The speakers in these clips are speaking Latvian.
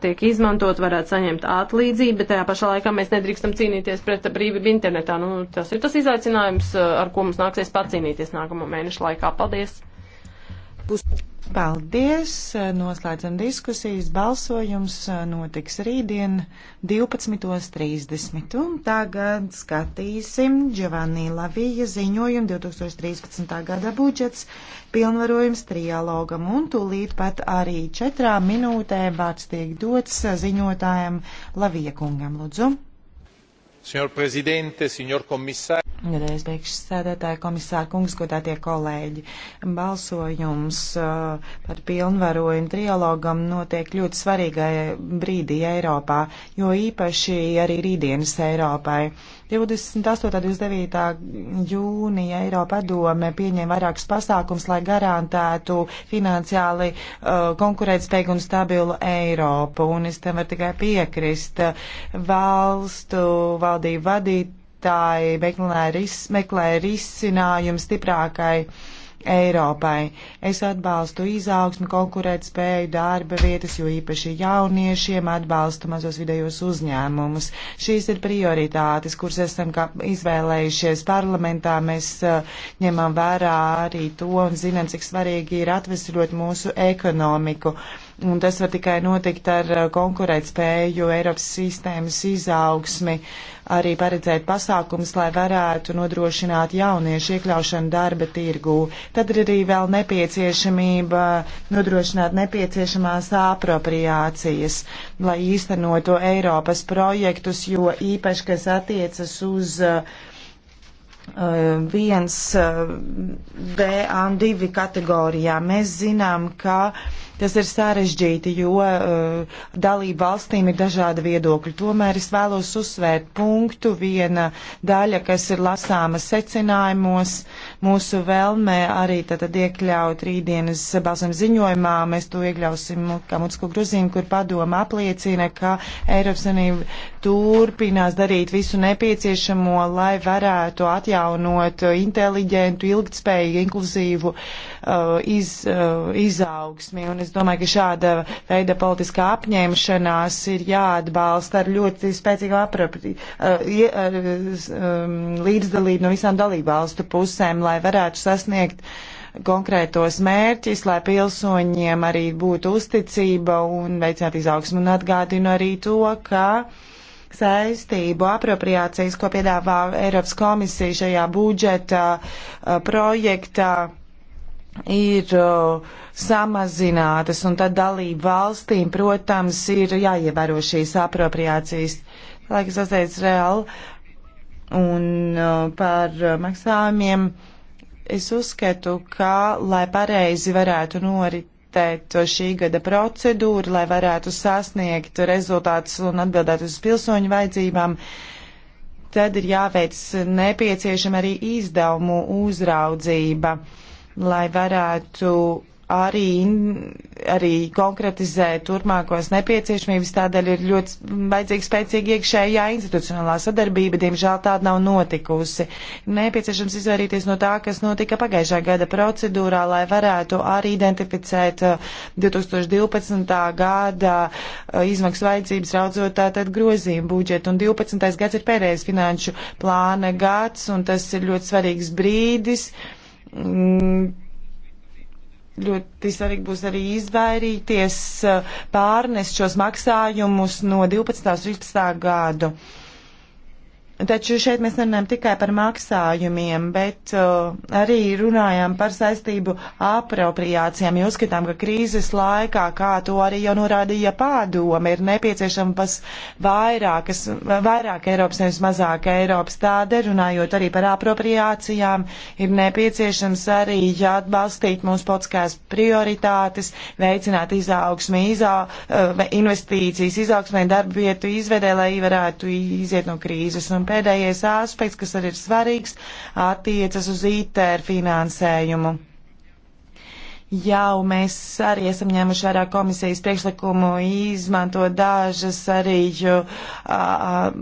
tiek izmantot, varētu saņemt atlīdzību, bet tajā pašā laikā mēs nedrīkstam cīnīties pret brīvību internetā. Nu, tas ir tas izaicinājums, ar ko mums nāksies pacīnīties nākamo mēnešu laikā. Paldies! Pus Paldies! Noslēdzam diskusijas. Balsojums eh, notiks rītdien 12.30. Un tagad skatīsim Giovanni Lavija ziņojumu 2013. gada budžets, pilnvarojums trialogam un tūlīt pat arī četrām minūtēm vārds tiek dots ziņotājiem Lavija kungam. Lūdzu! Signor Presidente, signor Komisār. Gadējais beigšu sēdētāja komisāra kungs, godātie kolēģi. Balsojums uh, par pilnvarojumu trialogam notiek ļoti svarīgai brīdī Eiropā, jo īpaši arī rītdienas Eiropai 28. un 29. jūnija Eiropa padome pieņēma vairākus pasākums, lai garantētu finansiāli uh, konkurētspēju un stabilu Eiropu. Un es tam varu tikai piekrist. Valstu valdību vadītāji meklē, ris, meklē risinājumu stiprākai. Uh, Eiropai. Es atbalstu izaugsmi, konkurētspēju, darba vietas, jo īpaši jauniešiem atbalstu mazos vidējos uzņēmumus. Šīs ir prioritātes, kuras esam izvēlējušies parlamentā. Mēs uh, ņemam vērā arī to un zinām, cik svarīgi ir atvesļot mūsu ekonomiku. Uh, Un tas var tikai notikt ar uh, konkurētspēju, Eiropas sistēmas izaugsmi, arī paredzēt pasākums, lai varētu nodrošināt jauniešu iekļaušanu darba tirgū. Tad ir arī vēl nepieciešamība nodrošināt nepieciešamās apropriācijas, lai īstenotu Eiropas projektus, jo īpaši, kas attiecas uz uh, viens uh, B un divi kategorijā. Mēs zinām, ka uh, Tas ir sarežģīti, jo uh, dalību valstīm ir dažādi viedokļi. Tomēr es vēlos uzsvērt punktu viena daļa, kas ir lasāma secinājumos. Mūsu vēlmē arī tad iekļaut rītdienas balsam ziņojumā. Mēs to iekļausim kā mutisko grozījumu, kur padoma apliecina, ka Eiropas Savienība turpinās darīt visu nepieciešamo, lai varētu atjaunot uh, inteliģentu, ilgtspējīgu, inkluzīvu uh, Uh, iz, uh, izaugsmi. Un es domāju, ka šāda veida politiskā apņemšanās ir jāatbalsta ar ļoti spēcīgu apropri, uh, um, līdzdalību no visām dalībvalstu pusēm, lai varētu sasniegt konkrētos mērķus, lai pilsoņiem arī būtu uzticība un veicinātu izaugsmu. Un atgādinu arī to, ka saistību apropriācijas, ko piedāvā Eiropas komisija šajā budžeta projektā, ir o, samazinātas, un tad dalību valstīm, protams, ir jāievēro šīs apropriācijas, lai kas sasniedz reāli, un o, par maksājumiem es uzskatu, ka, lai pareizi varētu noritēt šī gada procedūra, lai varētu sasniegt rezultātus un atbildēt uz pilsoņu vajadzībām, tad ir jāveic nepieciešama arī izdevumu uzraudzība lai varētu arī, arī konkretizēt turpmākos nepieciešamības. Tādēļ ir ļoti vajadzīga spēcīga iekšējā institucionālā sadarbība. Diemžēl tāda nav notikusi. Nepieciešams izvairīties no tā, kas notika pagājušā gada procedūrā, lai varētu arī identificēt 2012. Uh, gada uh, izmaksu vajadzības raudzot tātad grozījumu budžetu. Un 12. gads ir pēdējais finanšu plāna gads, un tas ir ļoti svarīgs brīdis. Uh, Mm, ļoti svarīgi būs arī izvairīties eh, pārnest šos maksājumus no 12. un 13. gadu. Taču šeit mēs runājam tikai par maksājumiem, bet uh, arī runājam par saistību apropriācijām. Jūs skatām, ka krīzes laikā, kā to arī jau norādīja pārdoma, ir nepieciešamas vairākas, vairāk Eiropas, nevis mazāk Eiropas. Tādēļ runājot arī par apropriācijām, ir nepieciešams arī atbalstīt mūsu politiskās prioritātes, veicināt izaugsmi, izau, uh, investīcijas, izaugsmē darba vietu izvedē, lai varētu iziet no krīzes. Un pēdējais aspekts, kas arī ir svarīgs, attiecas uz ITER finansējumu. Jau mēs arī esam ņēmuši vērā komisijas priekšlikumu izmantot dažas arī jo, a,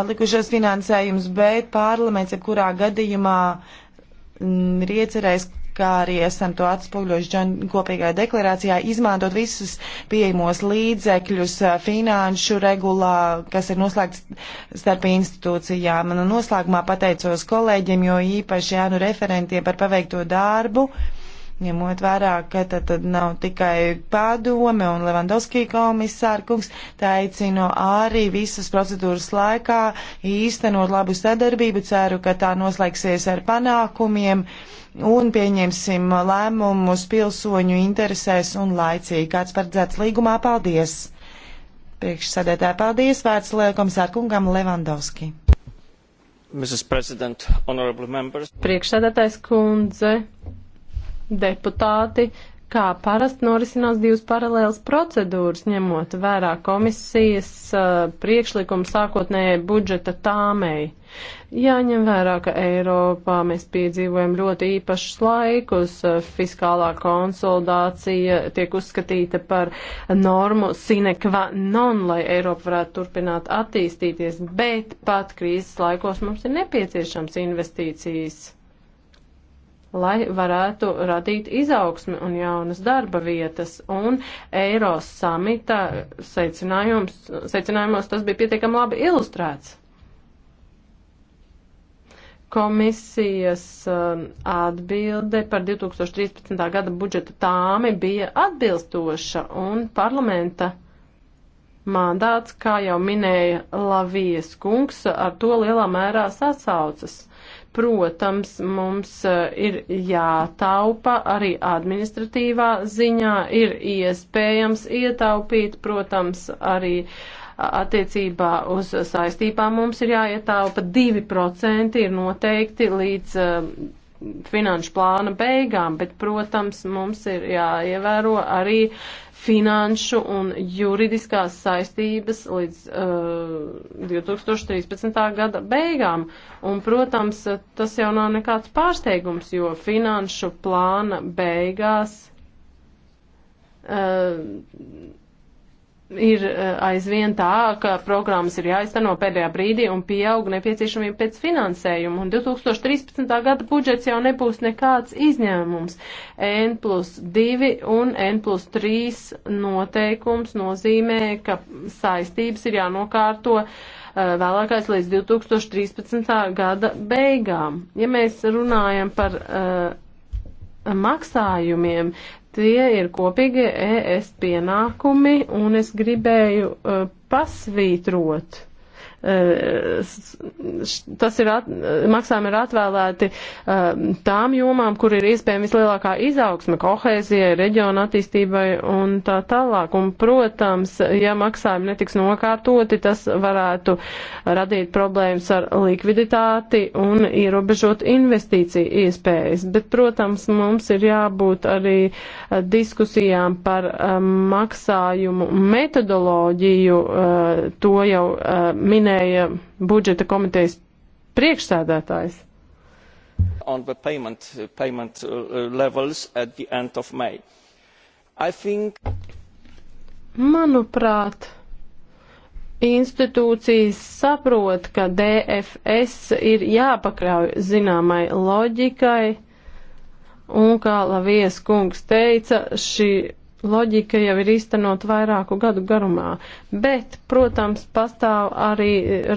atlikušos finansējums, bet parlaments, ja kurā gadījumā mm, ir iecerējis kā arī esam to atspūļojuši Džan kopīgajā deklarācijā, izmantot visus pieejamos līdzekļus finanšu regulā, kas ir noslēgts starp institūcijām. Un noslēgumā pateicos kolēģiem, jo īpaši jānu referentiem par paveikto darbu ņemot vērā, ka tad, tad nav tikai padome un Levandovskī komisāra kungs, tā aicino arī visas procedūras laikā īstenot labu sadarbību. Ceru, ka tā noslēgsies ar panākumiem. Uh, un pieņemsim lēmumus pilsoņu interesēs un laicīgi. Kāds paredzēts līgumā? Paldies! Priekšsēdētāji, paldies! Vārds komisārkungam Levandovski. Priekšsēdētājs kundze, deputāti, kā parasti norisinās divas paralēlas procedūras, ņemot vērā komisijas uh, priekšlikumu sākotnējai budžeta tāmei. Jāņem vērā, ka Eiropā mēs piedzīvojam ļoti īpašus laikus, uh, fiskālā konsolidācija tiek uzskatīta par normu sine qua non, lai Eiropa varētu turpināt attīstīties, bet pat krīzes laikos mums ir nepieciešams investīcijas lai varētu radīt izaugsmi un jaunas darba vietas. Un Eiro samita secinājumos tas bija pietiekami labi ilustrēts. Komisijas um, atbilde par 2013. gada budžeta tāmi bija atbilstoša un parlamenta mandāts, kā jau minēja Lavijas kungs, ar to lielā mērā sasaucas. Protams, mums eh, ir jātaupa arī administratīvā ziņā, ir iespējams ietaupīt, protams, arī attiecībā uz saistībām mums ir jāietaupa 2% ir noteikti līdz eh, finanšu plāna beigām, bet, protams, mums ir jāievēro arī finanšu un juridiskās saistības līdz uh, 2013. gada beigām. Un, protams, tas jau nav nekāds pārsteigums, jo finanšu plāna beigās. Uh, ir eh, aizvien tā, ka programmas ir jāizteno pēdējā brīdī un pieaug nepieciešamība pēc finansējuma. Un 2013. gada budžets jau nebūs nekāds izņēmums. N plus 2 un N plus 3 noteikums nozīmē, ka saistības ir jānokārto eh, vēlākais līdz 2013. gada beigām. Ja mēs runājam par uh, maksājumiem, Tie ir kopīgie ES pienākumi, un es gribēju uh, pasvītrot tas ir at, maksājumi ir atvēlēti um, tām jomām, kur ir iespējama vislielākā izaugsme kohēzijai, reģiona attīstībai un tā tālāk. Un, protams, ja maksājumi netiks nokārtoti, tas varētu radīt problēmas ar likviditāti un ierobežot investīciju iespējas. Bet, protams, mums ir jābūt arī diskusijām par um, maksājumu metodoloģiju. Uh, to jau uh, minēju minēja budžeta komitejas priekšsēdētājs. On the payment, payment uh, levels at the end of May. I think. Manuprāt, institūcijas saprot, ka DFS ir jāpakļauj zināmai loģikai, un kā Lavijas kungs teica, šī loģika jau ir īstenot vairāku gadu garumā, bet, protams, pastāv arī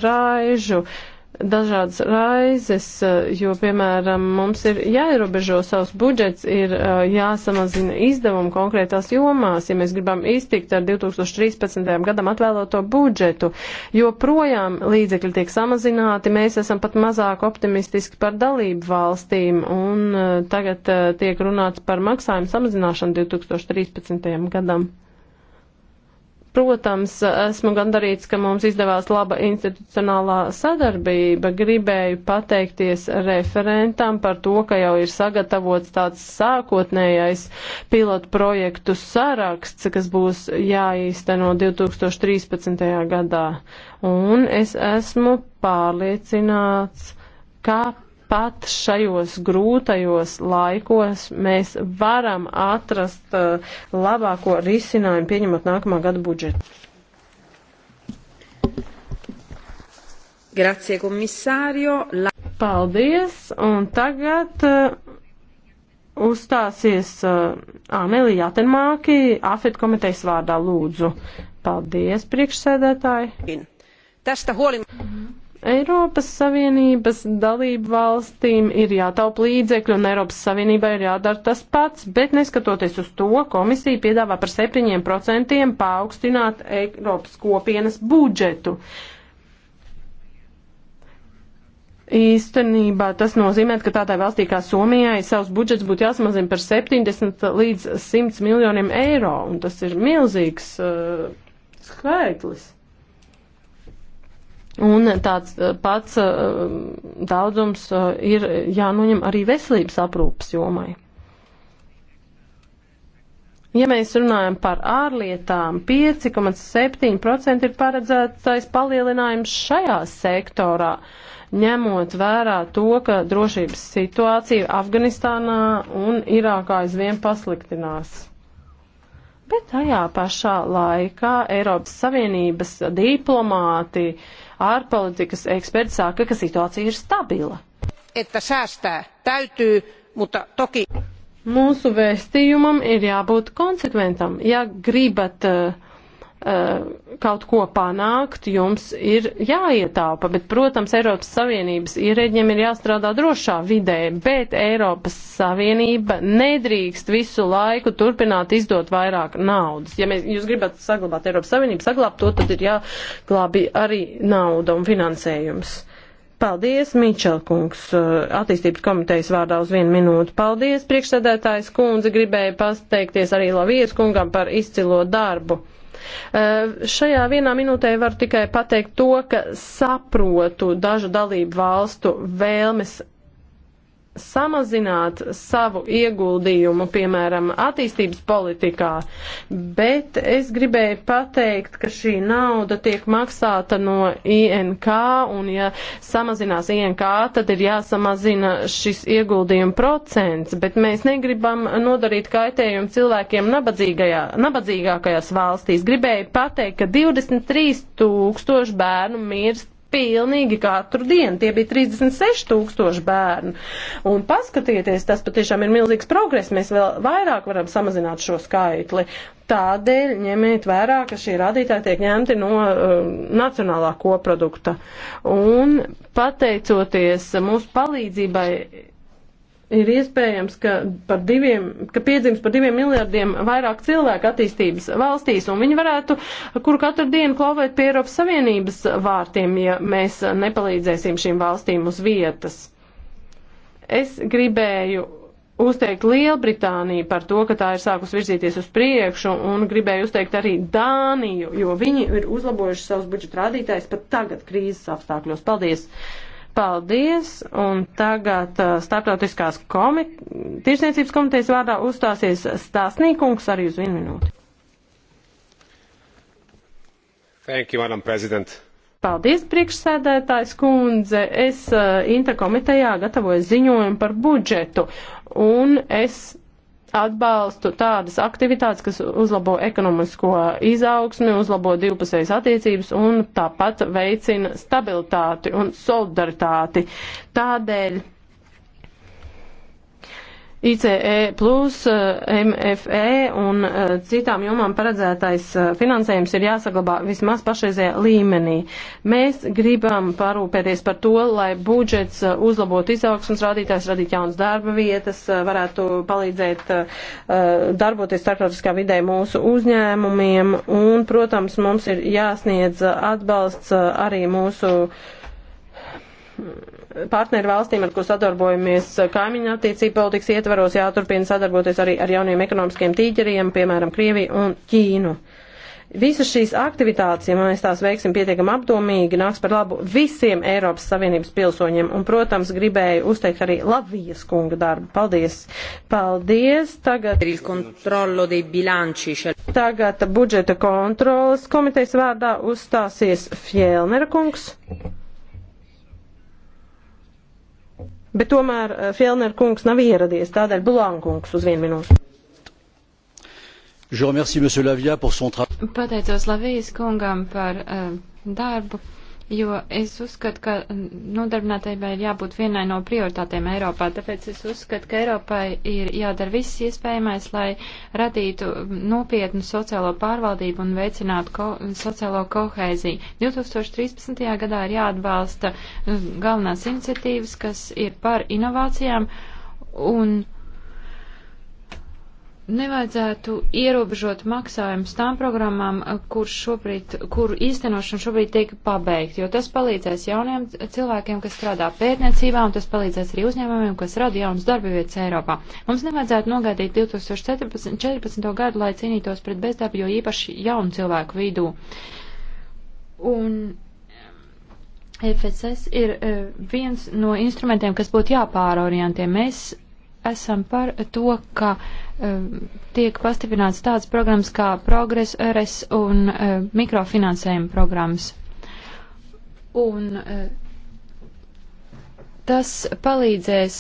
raižu. Uh, dažādas raizes, eh, jo, piemēram, mums ir jāierobežo savs budžets, ir eh, jāsamazina izdevumi konkrētās jomās, ja mēs gribam iztikt ar 2013. gadam atvēloto budžetu, jo projām līdzekļi tiek samazināti, mēs esam pat mazāk optimistiski par dalību valstīm, un eh, tagad tiek runāts par maksājumu samazināšanu 2013. gadam. Protams, esmu gandarīts, ka mums izdevās laba institucionālā sadarbība. Gribēju pateikties referentam par to, ka jau ir sagatavots tāds sākotnējais pilotu projektu saraksts, kas būs jāīsteno 2013. gadā. Un es esmu pārliecināts, ka pat šajos grūtajos laikos mēs varam atrast uh, labāko risinājumu, pieņemot nākamā gada budžetu. Grazie, komisārio. La... Paldies, un tagad uh, uzstāsies uh, Amelija Jātenmāki, AFIT komitejas vārdā lūdzu. Paldies, priekšsēdētāji. Tästä huolimatta. Eiropas Savienības dalību valstīm ir jātaupa līdzekļi un Eiropas Savienībai ir jādara tas pats, bet neskatoties uz to, komisija piedāvā par 7% paaugstināt Eiropas kopienas budžetu. Īstenībā tas nozīmē, ka tādai valstī kā Somijai savs budžets būtu jāsamazina par 70 līdz 100 miljoniem eiro, un tas ir milzīgs uh, skaitlis. Un tāds eh, pats eh, daudzums eh, ir jānoņem arī veselības aprūpas jomai. Ja mēs runājam par ārlietām, 5,7% ir paredzētais palielinājums šajā sektorā, ņemot vērā to, ka drošības situācija Afganistānā un Irākā aizvien pasliktinās. Bet tajā pašā laikā Eiropas Savienības diplomāti uh, ārpolitikas eksperti saka, ka situācija ir stabila. Että säästää täytyy, mutta toki. Mūsu vēstījumam ir jābūt konsekventam. Ja gribat uh, Eh, kaut ko panākt, jums ir jāietāpa, bet, protams, Eiropas Savienības ierēģiem ir jāstrādā drošā vidē, bet Eiropas Savienība nedrīkst visu laiku turpināt izdot vairāk naudas. Ja mēs, jūs gribat saglabāt Eiropas Savienību, saglabāt to, tad ir jāglābi arī nauda un finansējums. Paldies, Mičelkungs, eh, attīstības komitejas vārdā uz vienu minūtu. Paldies, priekšsēdētājs kundze, gribēja pasteikties arī Lavijas kungam par izcilo darbu. Eh, šajā vienā minūtē var tikai pateikt to, ka saprotu dažu dalību valstu vēlmes samazināt savu ieguldījumu, piemēram, attīstības politikā, bet es gribēju pateikt, ka šī nauda tiek maksāta no INK, un ja samazinās INK, tad ir jāsamazina šis ieguldījuma procents, bet mēs negribam nodarīt kaitējumu cilvēkiem nabadzīgākajās valstīs. Gribēju pateikt, ka 23 tūkstoši bērnu mirst pilnīgi katru dienu. Tie bija 36 tūkstoši bērnu. Un paskatieties, tas patiešām ir milzīgs progress. Mēs vēl vairāk varam samazināt šo skaitli. Tādēļ ņemiet vērā, ka šie rādītāji tiek ņemti no uh, nacionālā koprodukta. Un pateicoties mūsu palīdzībai ir iespējams, ka, par diviem, ka piedzims par diviem miljardiem vairāk cilvēku attīstības valstīs, un viņi varētu, kuru katru dienu klauvēt pie Eiropas Savienības vārtiem, ja mēs nepalīdzēsim šīm valstīm uz vietas. Es gribēju uzteikt Lielbritāniju par to, ka tā ir sākus virzīties uz priekšu, un gribēju uzteikt arī Dāniju, jo viņi ir uzlabojuši savus budžeta rādītājus pat tagad krīzes apstākļos. Paldies! Paldies, un tagad uh, starptautiskās komi tirsniecības komitejas vārdā uzstāsies stāstnīkungs arī uz vienu minūti. Thank you, Madam President. Paldies, priekšsēdētājs kundze. Es uh, interkomitejā gatavoju ziņojumu par budžetu, un es atbalstu tādas aktivitātes, kas uzlabo ekonomisko izaugsmi, uzlabo divpusējas attiecības un tāpat veicina stabilitāti un solidaritāti. Tādēļ ICE, plus, eh, MFE un eh, citām jomām paredzētais eh, finansējums ir jāsaglabā vismaz pašreizajā līmenī. Mēs gribam parūpēties par to, lai budžets uzlabotu izaugsmas rādītājs, radītu jaunas darba vietas, varētu palīdzēt darboties starptautiskā vidē mūsu uzņēmumiem un, protams, mums ir jāsniedz atbalsts arī mūsu partneru valstīm, ar ko sadarbojamies kaimiņu attiecību politikas ietvaros, jāturpina sadarboties arī ar jauniem ekonomiskiem tīģeriem, piemēram, Krieviju un Ķīnu. Visas šīs aktivitātes, ja mēs tās veiksim pietiekam apdomīgi, nāks par labu visiem Eiropas Savienības pilsoņiem. Un, protams, gribēju uzteikt arī Lavijas kunga darbu. Paldies! Paldies! Tagad, tagad budžeta kontrolas komitejas vārdā uzstāsies Fjēlnera kungs. Bet tomēr eh, Fjellner kungs nav ieradies, tādēļ Bulankungs uz vienu minūšu. Je remercie M. Lavia par son travail. Pateicos Lavijas kungam par uh, darbu jo es uzskatu, ka nodarbinātībai ir jābūt vienai no prioritātēm Eiropā. Tāpēc es uzskatu, ka Eiropai ir jādara viss iespējamais, lai radītu nopietnu sociālo pārvaldību un veicinātu ko sociālo kohēziju. 2013. gadā ir jāatbalsta galvenās iniciatīvas, kas ir par inovācijām un nevajadzētu ierobežot maksājumus tām programmām, eh, kur šobrīd, kuru īstenošana šobrīd tiek pabeigta, jo tas palīdzēs jauniem cilvēkiem, kas strādā pētniecībā, un tas palīdzēs arī uzņēmumiem, kas rada jaunas darba vietas Eiropā. Mums nevajadzētu nogaidīt 2014. 14. gadu, lai cīnītos pret bezdarbu, jo īpaši jaunu cilvēku vidū. Un eh, FSS ir eh, viens no instrumentiem, kas būtu jāpārorientē. Mēs esam par to, ka um, tiek pastiprināts tāds programmas kā Progress, RS un uh, mikrofinansējuma programmas. Un uh, tas palīdzēs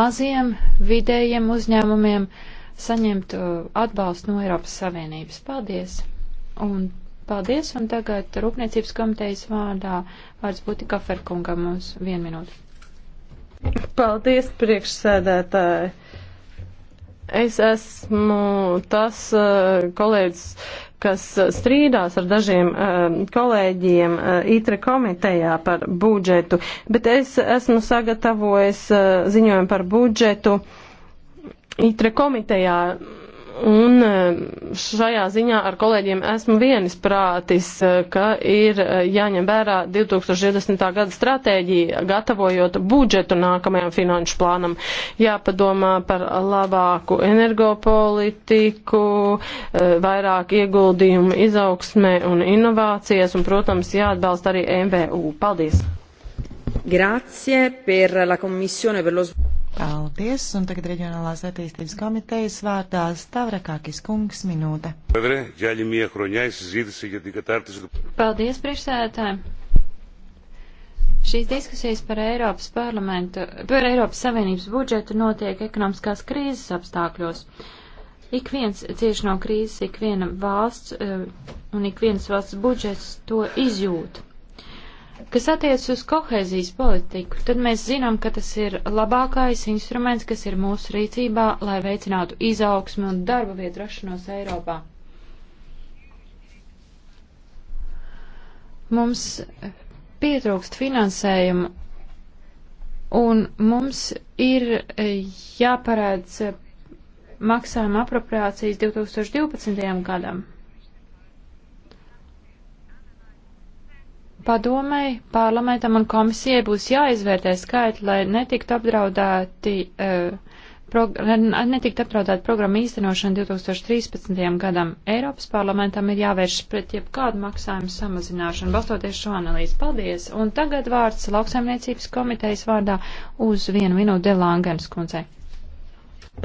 maziem, vidējiem uzņēmumiem saņemt uh, atbalstu no Eiropas Savienības. Paldies! Un paldies, un tagad Rūpniecības komitejas vārdā vārds būtu Kaferkungam uz vienu minūtu. Paldies, priekšsēdētāji. Es esmu tas uh, kolēģis, kas strīdās ar dažiem uh, kolēģiem uh, ITRE komitejā par budžetu, bet es esmu sagatavojis uh, ziņojumu par budžetu ITRE komitejā. Un e, šajā ziņā ar kolēģiem esmu vienisprātis, e, ka ir e, jāņem vērā 2020. gada stratēģija, gatavojot budžetu nākamajam finanšu plānam. Jāpadomā par labāku energopolitiku, vairāk ieguldījumu izaugsmē un inovācijas, un, protams, jāatbalsta arī MVU. Paldies! Grazie per la Commissione per lo sviluppo. Paldies, un tagad Reģionālās attīstības komitejas vārdā Stavrakakis kungs minūte. Paldies, priekšsēdētāji! Šīs diskusijas par Eiropas parlamentu, par Eiropas Savienības budžetu notiek ekonomiskās krīzes apstākļos. Ik viens cieš no krīzes, ik viena valsts eh, un ik vienas valsts budžets to izjūta. Kas attiecas uz kohēzijas politiku, tad mēs zinām, ka tas ir labākais instruments, kas ir mūsu rīcībā, lai veicinātu izaugsmu un darba vietu rašanos Eiropā. Mums pietrūkst finansējumu un mums ir jāparādz maksājuma apropriācijas 2012. gadam. Padomei, parlamentam un komisijai būs jāizvērtē skaitli, lai netiktu apdraudēti, uh, prog netikt apdraudēti programma īstenošana 2013. gadam. Eiropas parlamentam ir jāvērš pret jebkādu maksājumu samazināšanu, balstoties šo analīzi. Paldies! Un tagad vārds lauksaimniecības komitejas vārdā uz vienu minūti Delāngens kundzei.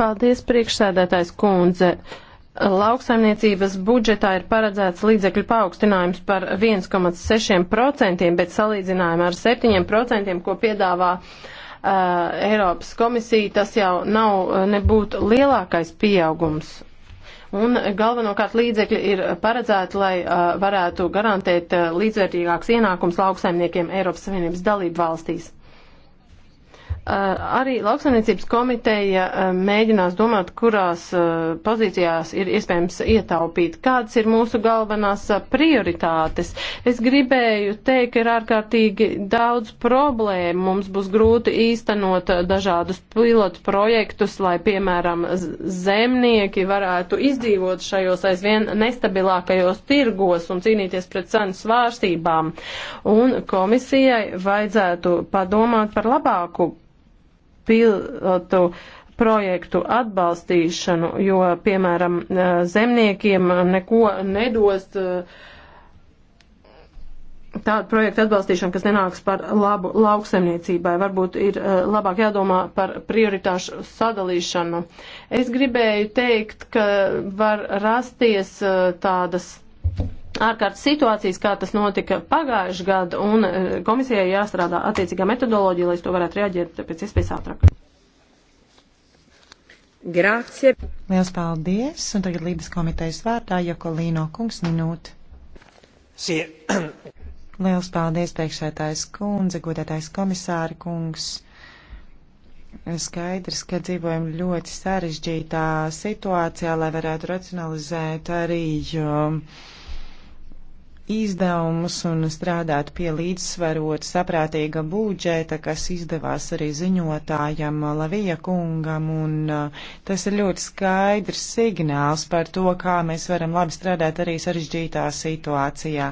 Paldies, priekšsēdētājs kundze. Uh, Lauksaimniecības budžetā ir paredzēts līdzekļu paaugstinājums par 1,6%, bet salīdzinājumā ar 7%, ko piedāvā uh, Eiropas komisija, tas jau nav uh, nebūtu lielākais pieaugums. Un galvenokārt līdzekļi ir paredzēti, lai uh, varētu garantēt uh, līdzvērtīgāks ienākums lauksaimniekiem Eiropas Savienības dalību valstīs. Arī lauksaimniecības komiteja mēģinās domāt, kurās pozīcijās ir iespējams ietaupīt, kādas ir mūsu galvenās prioritātes. Es gribēju teikt, ka ir ārkārtīgi daudz problēmu. Mums būs grūti īstenot dažādus pilotu projektus, lai, piemēram, zemnieki varētu izdzīvot šajos aizvien nestabilākajos tirgos un cīnīties pret cenu svārstībām. Un komisijai vajadzētu padomāt par labāku pilotu projektu atbalstīšanu, jo, piemēram, zemniekiem neko nedos tādu projektu atbalstīšanu, kas nenāks par labu lauksemniecībai. Varbūt ir uh, labāk jādomā par prioritāšu sadalīšanu. Es gribēju teikt, ka var rasties uh, tādas ārkārtas situācijas, kā tas notika pagājuši gadu, un e, komisijai jāstrādā attiecīgā metodoloģija, lai es to varētu reaģēt pēc iespējas ātrāk. Grācie. Liels paldies, un tagad Lības komitejas vārdā Jokolīno kungs minūte. Sie. Liels paldies, priekšētājs kundze, godētājs komisāri kungs. Skaidrs, ka dzīvojam ļoti sarežģītā situācijā, lai varētu racionalizēt arī. Um, jo izdevumus un strādāt pie līdzsvarot saprātīga būdžeta, kas izdevās arī ziņotājam Lavija kungam, un uh, tas ir ļoti skaidrs signāls par to, kā mēs varam labi strādāt arī sarežģītā situācijā.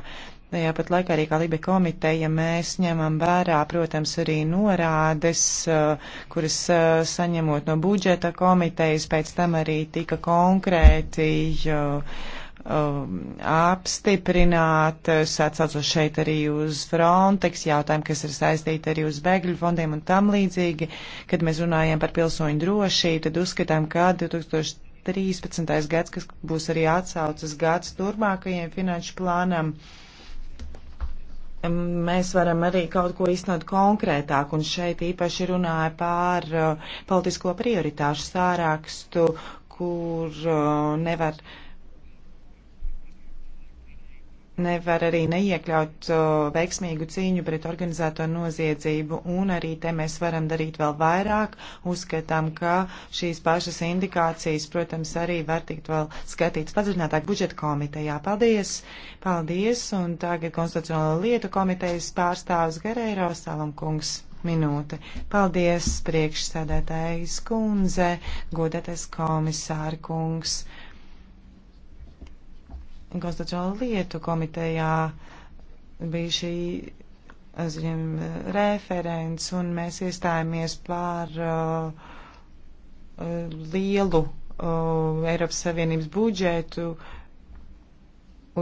Tajā pat laikā arī kā Libe komiteja mēs ņemam vērā, protams, arī norādes, uh, kuras uh, saņemot no budžeta komitejas, pēc tam arī tika konkrēti. Jo, Um, apstiprināt, atsaucot šeit arī uz Frontex jautājumu, kas ir saistīti arī uz bēgļu fondiem un tam līdzīgi. Kad mēs runājam par pilsoņu drošību, tad uzskatām, ka 2013. gads, kas būs arī atsaucas gads turmākajiem finanšu plānam, um, mēs varam arī kaut ko iznot konkrētāk, un šeit īpaši runāja pār uh, politisko prioritāšu sārākstu, kur uh, nevar. Uh, nevar arī neiekļaut o, veiksmīgu cīņu pret organizēto noziedzību, un arī te mēs varam darīt vēl vairāk. Uzskatām, ka šīs pašas indikācijas, protams, arī var tikt vēl skatīts padziļinātāk budžeta komitejā. Paldies! Paldies! Un tagad Konstitucionālo lietu komitejas pārstāvs Gareiro Salamkungs. Minūte. Paldies, priekšsēdētājs kundze, godētais komisāra kungs konstitucionālo lietu komitejā bija šī ziņam, referents, un mēs iestājāmies par uh, lielu uh, Eiropas Savienības budžetu,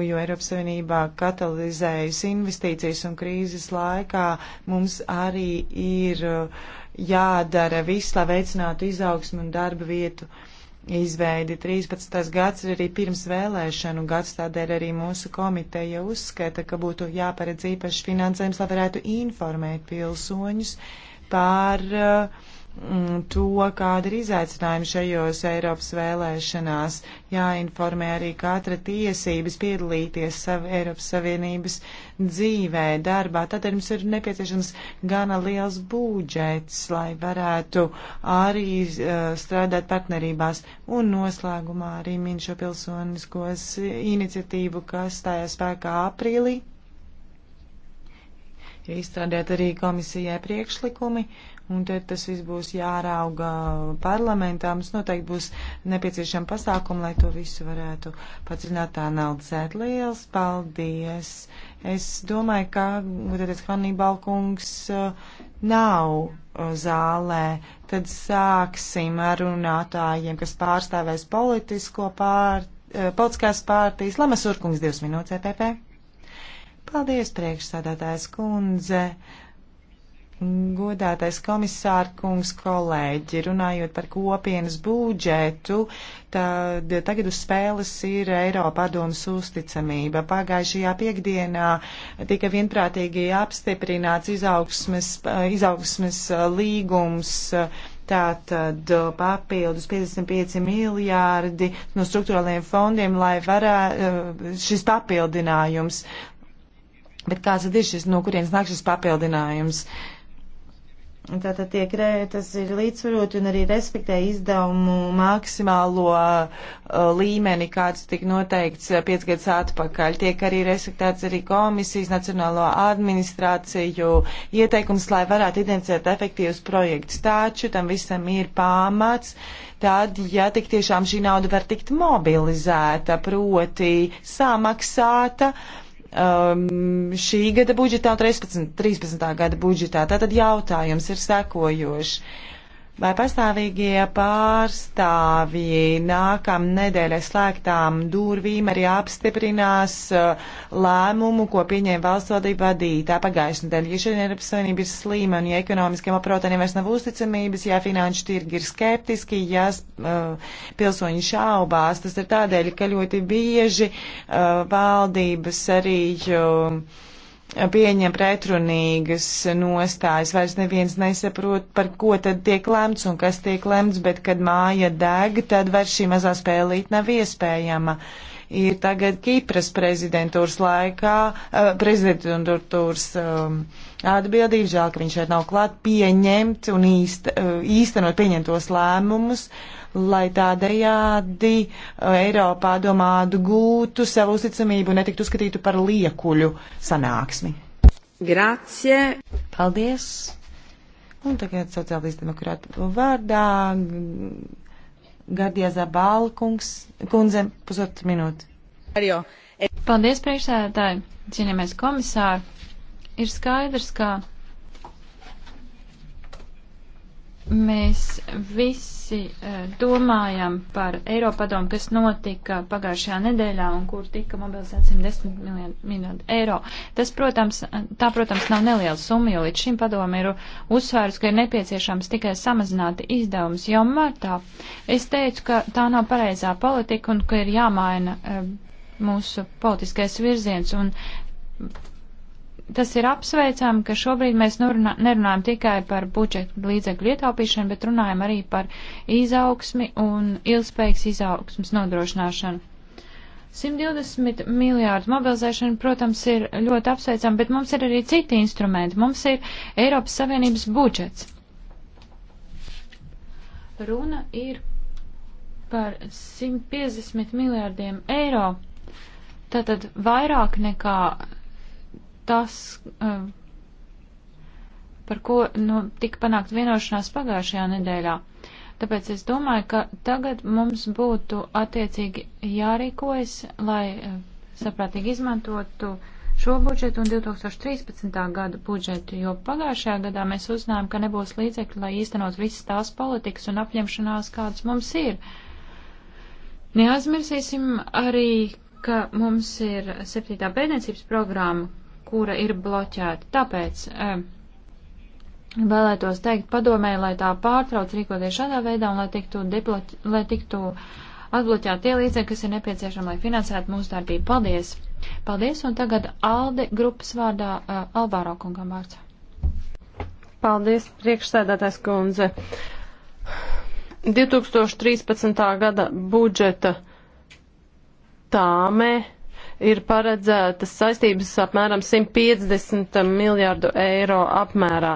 jo Eiropas Savienībā katalizējas investīcijas un krīzes laikā mums arī ir uh, jādara viss, lai veicinātu izaugsmu un darba vietu uh, izveidi. 13. gads ir arī pirms vēlēšanu gads, tādēļ arī mūsu komiteja uzskata, ka būtu jāparedz īpaši finansējums, lai varētu informēt pilsoņus par uh, Mm, to, kāda ir izaicinājuma šajos Eiropas vēlēšanās. Jāinformē arī katra tiesības piedalīties sav, Eiropas Savienības dzīvē, darbā. Tātad mums ir nepieciešams gana liels būdžets, lai varētu arī uh, strādāt partnerībās. Un noslēgumā arī min šo pilsoniskos iniciatīvu, kas stājās spēkā aprīlī. Ir izstrādāt arī komisijai priekšlikumi. Uh, Un tad tas viss būs jārauga parlamentām. Mums noteikti būs nepieciešama pasākuma, lai to visu varētu padziļināt analizēt. Liels paldies! Es domāju, ka, godēties, Hannibal kungs eh, nav eh, zālē. Tad sāksim ar runātājiem, kas pārstāvēs politisko pār, eh, politiskās pārtīs. Lamas Urkungs, divas minūtes, EPP. Paldies, priekšsādātājs kundze. Uh, Godātais komisāra kungs, kolēģi, runājot par kopienas budžetu, tad tagad uz spēles ir Eiropadomas uzticamība. Pagājušajā piekdienā tika vienprātīgi apstiprināts izaugsmes, izaugsmes līgums. Tātad papildus 55 miljārdi no struktūrālajiem fondiem, lai varētu šis papildinājums. Bet kāds tad ir šis, no kurienes nāk šis papildinājums? Uh, Tātad tie krētas ir līdzsvaroti un arī respektē izdevumu maksimālo uh, līmeni, kāds tika noteikts uh, piec gadus atpakaļ. Tiek arī respektēts arī komisijas nacionālo administrāciju ieteikums, lai varētu identificēt efektīvus projektus. Taču tam visam ir pamats, tad, ja tik tiešām šī nauda var tikt mobilizēta, proti samaksāta. Uh, um, šī gada budžetā un 13. 13. gada budžetā. Tātad jautājums ir sekojošs. Vai pastāvīgie pārstāvji nākam nedēļai slēgtām durvīm arī apstiprinās uh, lēmumu, ko pieņēma valsts valdība vadītā pagājušajā nedēļā? Ja šodien Eiropas Savienība ir slīma un ja ekonomiskiem aprotēniem vairs nav uzticamības, ja finanšu tirgi ir skeptiski, ja uh, pilsoņi šaubās, tas ir tādēļ, ka ļoti bieži uh, valdības arī. Uh, pieņem pretrunīgas nostājas. Vairs neviens nesaprot, par ko tad tiek lemts un kas tiek lemts, bet kad māja deg, tad vairs šī mazā spēlīt nav iespējama. Ir tagad Kipras prezidentūras laikā, eh, prezidentūras um, atbildība, žēl, ka viņš šeit nav klāt, pieņemt un īst, eh, īstenot pieņemtos lēmumus. Uh, lai tādējādi uh, Eiropā domātu gūtu savu uzticamību un netiktu uzskatītu par liekuļu sanāksmi. Grācie! Paldies! Un tagad sociālistu demokrātu vārdā Gardija Zabāla kungs, kundze, pusotru minūti. E- Paldies, priekšsēdētāji, cienījamies komisāri. Ir skaidrs, ka Mēs visi e, domājam par Eiropadomu, kas notika pagājušajā nedēļā un kur tika mobilizēts 110 miljonu eiro. Tas, protams, e, tā, protams, nav neliela summa, jo līdz šim padomu ir uzsvērus, ka ir nepieciešams tikai samazināt izdevumus. Jau martā es teicu, ka tā nav pareizā politika un ka ir jāmaina e, mūsu politiskais virziens un tas ir apsveicami, ka šobrīd mēs nerunā, nerunājam tikai par budžetu līdzekļu ietaupīšanu, bet runājam arī par izaugsmi un ilgspējīgas izaugsmas nodrošināšanu. 120 miljārdu mobilizēšana, protams, ir ļoti apsveicama, bet mums ir arī citi instrumenti. Mums ir Eiropas Savienības budžets. Runa ir par 150 miljārdiem eiro. Tātad vairāk nekā tas, eh, par ko nu, tika panākt vienošanās pagājušajā nedēļā. Tāpēc es domāju, ka tagad mums būtu attiecīgi jārīkojas, lai eh, saprātīgi izmantotu šo budžetu un 2013. gada budžetu, jo pagājušajā gadā mēs uzzinājām, ka nebūs līdzekļi, lai īstenot visas tās politikas un apņemšanās, kādas mums ir. Neaizmirsīsim arī, ka mums ir septītā pēdniecības programma, kura ir bloķēta. Tāpēc eh, vēlētos teikt padomē, lai tā pārtrauc rīkoties šādā veidā un lai tiktu, debloķ, lai tiktu atbloķēt tie līdzekļi, kas ir nepieciešami, lai finansētu mūsu darbību. Paldies! Paldies, un tagad Alde grupas vārdā uh, Alvāro kungam vārds. Paldies, priekšsēdētājs kundze. 2013. gada budžeta tāmē ir paredzētas saistības apmēram 150 miljārdu eiro apmērā.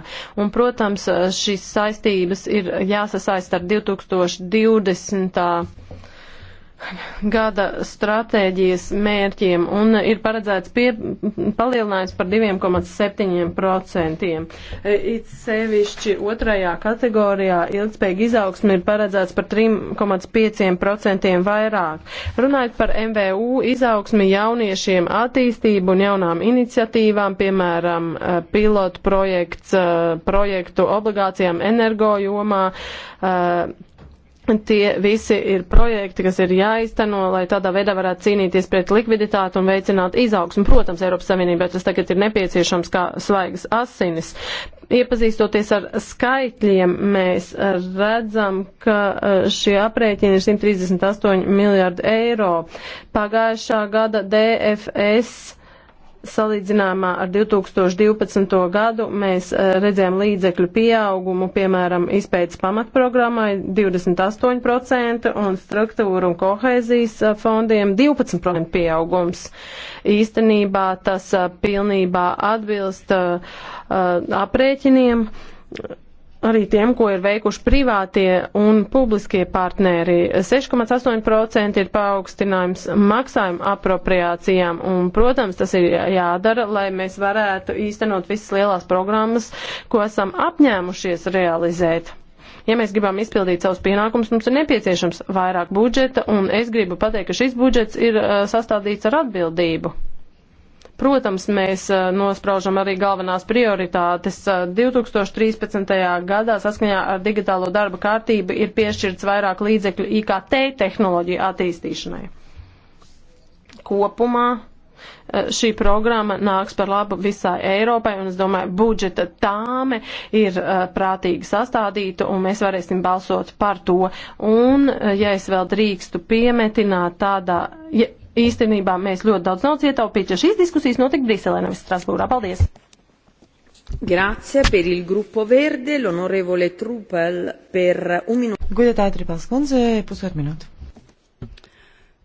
Un, protams, šīs saistības ir jāsasaist ar 2020 gada stratēģijas mērķiem un ir paredzēts pie, palielinājums par 2,7%. It sevišķi otrajā kategorijā ilgspējīga izaugsme ir paredzēts par 3,5% vairāk. Runājot par MVU izaugsmi jauniešiem attīstību un jaunām iniciatīvām, piemēram, eh, pilotu projekts, eh, projektu obligācijām energojomā, eh, Tie visi ir projekti, kas ir jāizteno, lai tādā veidā varētu cīnīties pret likviditāti un veicināt izaugsmu. Protams, Eiropas Savienībai tas tagad ir nepieciešams kā svaigas asinis. Iepazīstoties ar skaitļiem, mēs redzam, ka eh, šie aprēķini ir 138 miljārdi eiro. Pagājušā gada DFS Salīdzinājumā ar 2012. gadu mēs e, redzējām līdzekļu pieaugumu, piemēram, izpētes pamatprogrammai 28% un struktūru un kohēzijas e, fondiem 12% pieaugums. Īstenībā tas e, pilnībā atbilst aprēķiniem arī tiem, ko ir veikuši privātie un publiskie partneri. 6,8% ir paaugstinājums maksājuma apropriācijām, un, protams, tas ir jādara, lai mēs varētu īstenot visas lielās programmas, ko esam apņēmušies realizēt. Ja mēs gribam izpildīt savus pienākumus, mums ir nepieciešams vairāk budžeta, un es gribu pateikt, ka šis budžets ir uh, sastādīts ar atbildību. Protams, mēs eh, nospraužam arī galvenās prioritātes. 2013. Eh, gadā saskaņā ar digitālo darba kārtību ir piešķirts vairāk līdzekļu IKT tehnoloģiju attīstīšanai. Kopumā eh, šī programma nāks par labu visai Eiropai, un es domāju, budžeta tāme ir uh, prātīgi sastādīta, un mēs varēsim balsot par to. Un, ja es vēl drīkstu piemetināt tādā, ja, īstenībā mēs ļoti daudz naudas ietaupītu, ja šīs diskusijas notika Briselē, nevis Strasbūrā. Paldies! Grazie per il gruppo verde, l'onorevole Truppel per un minuto. Godētāji Tripels kundze, pusotru minūtu.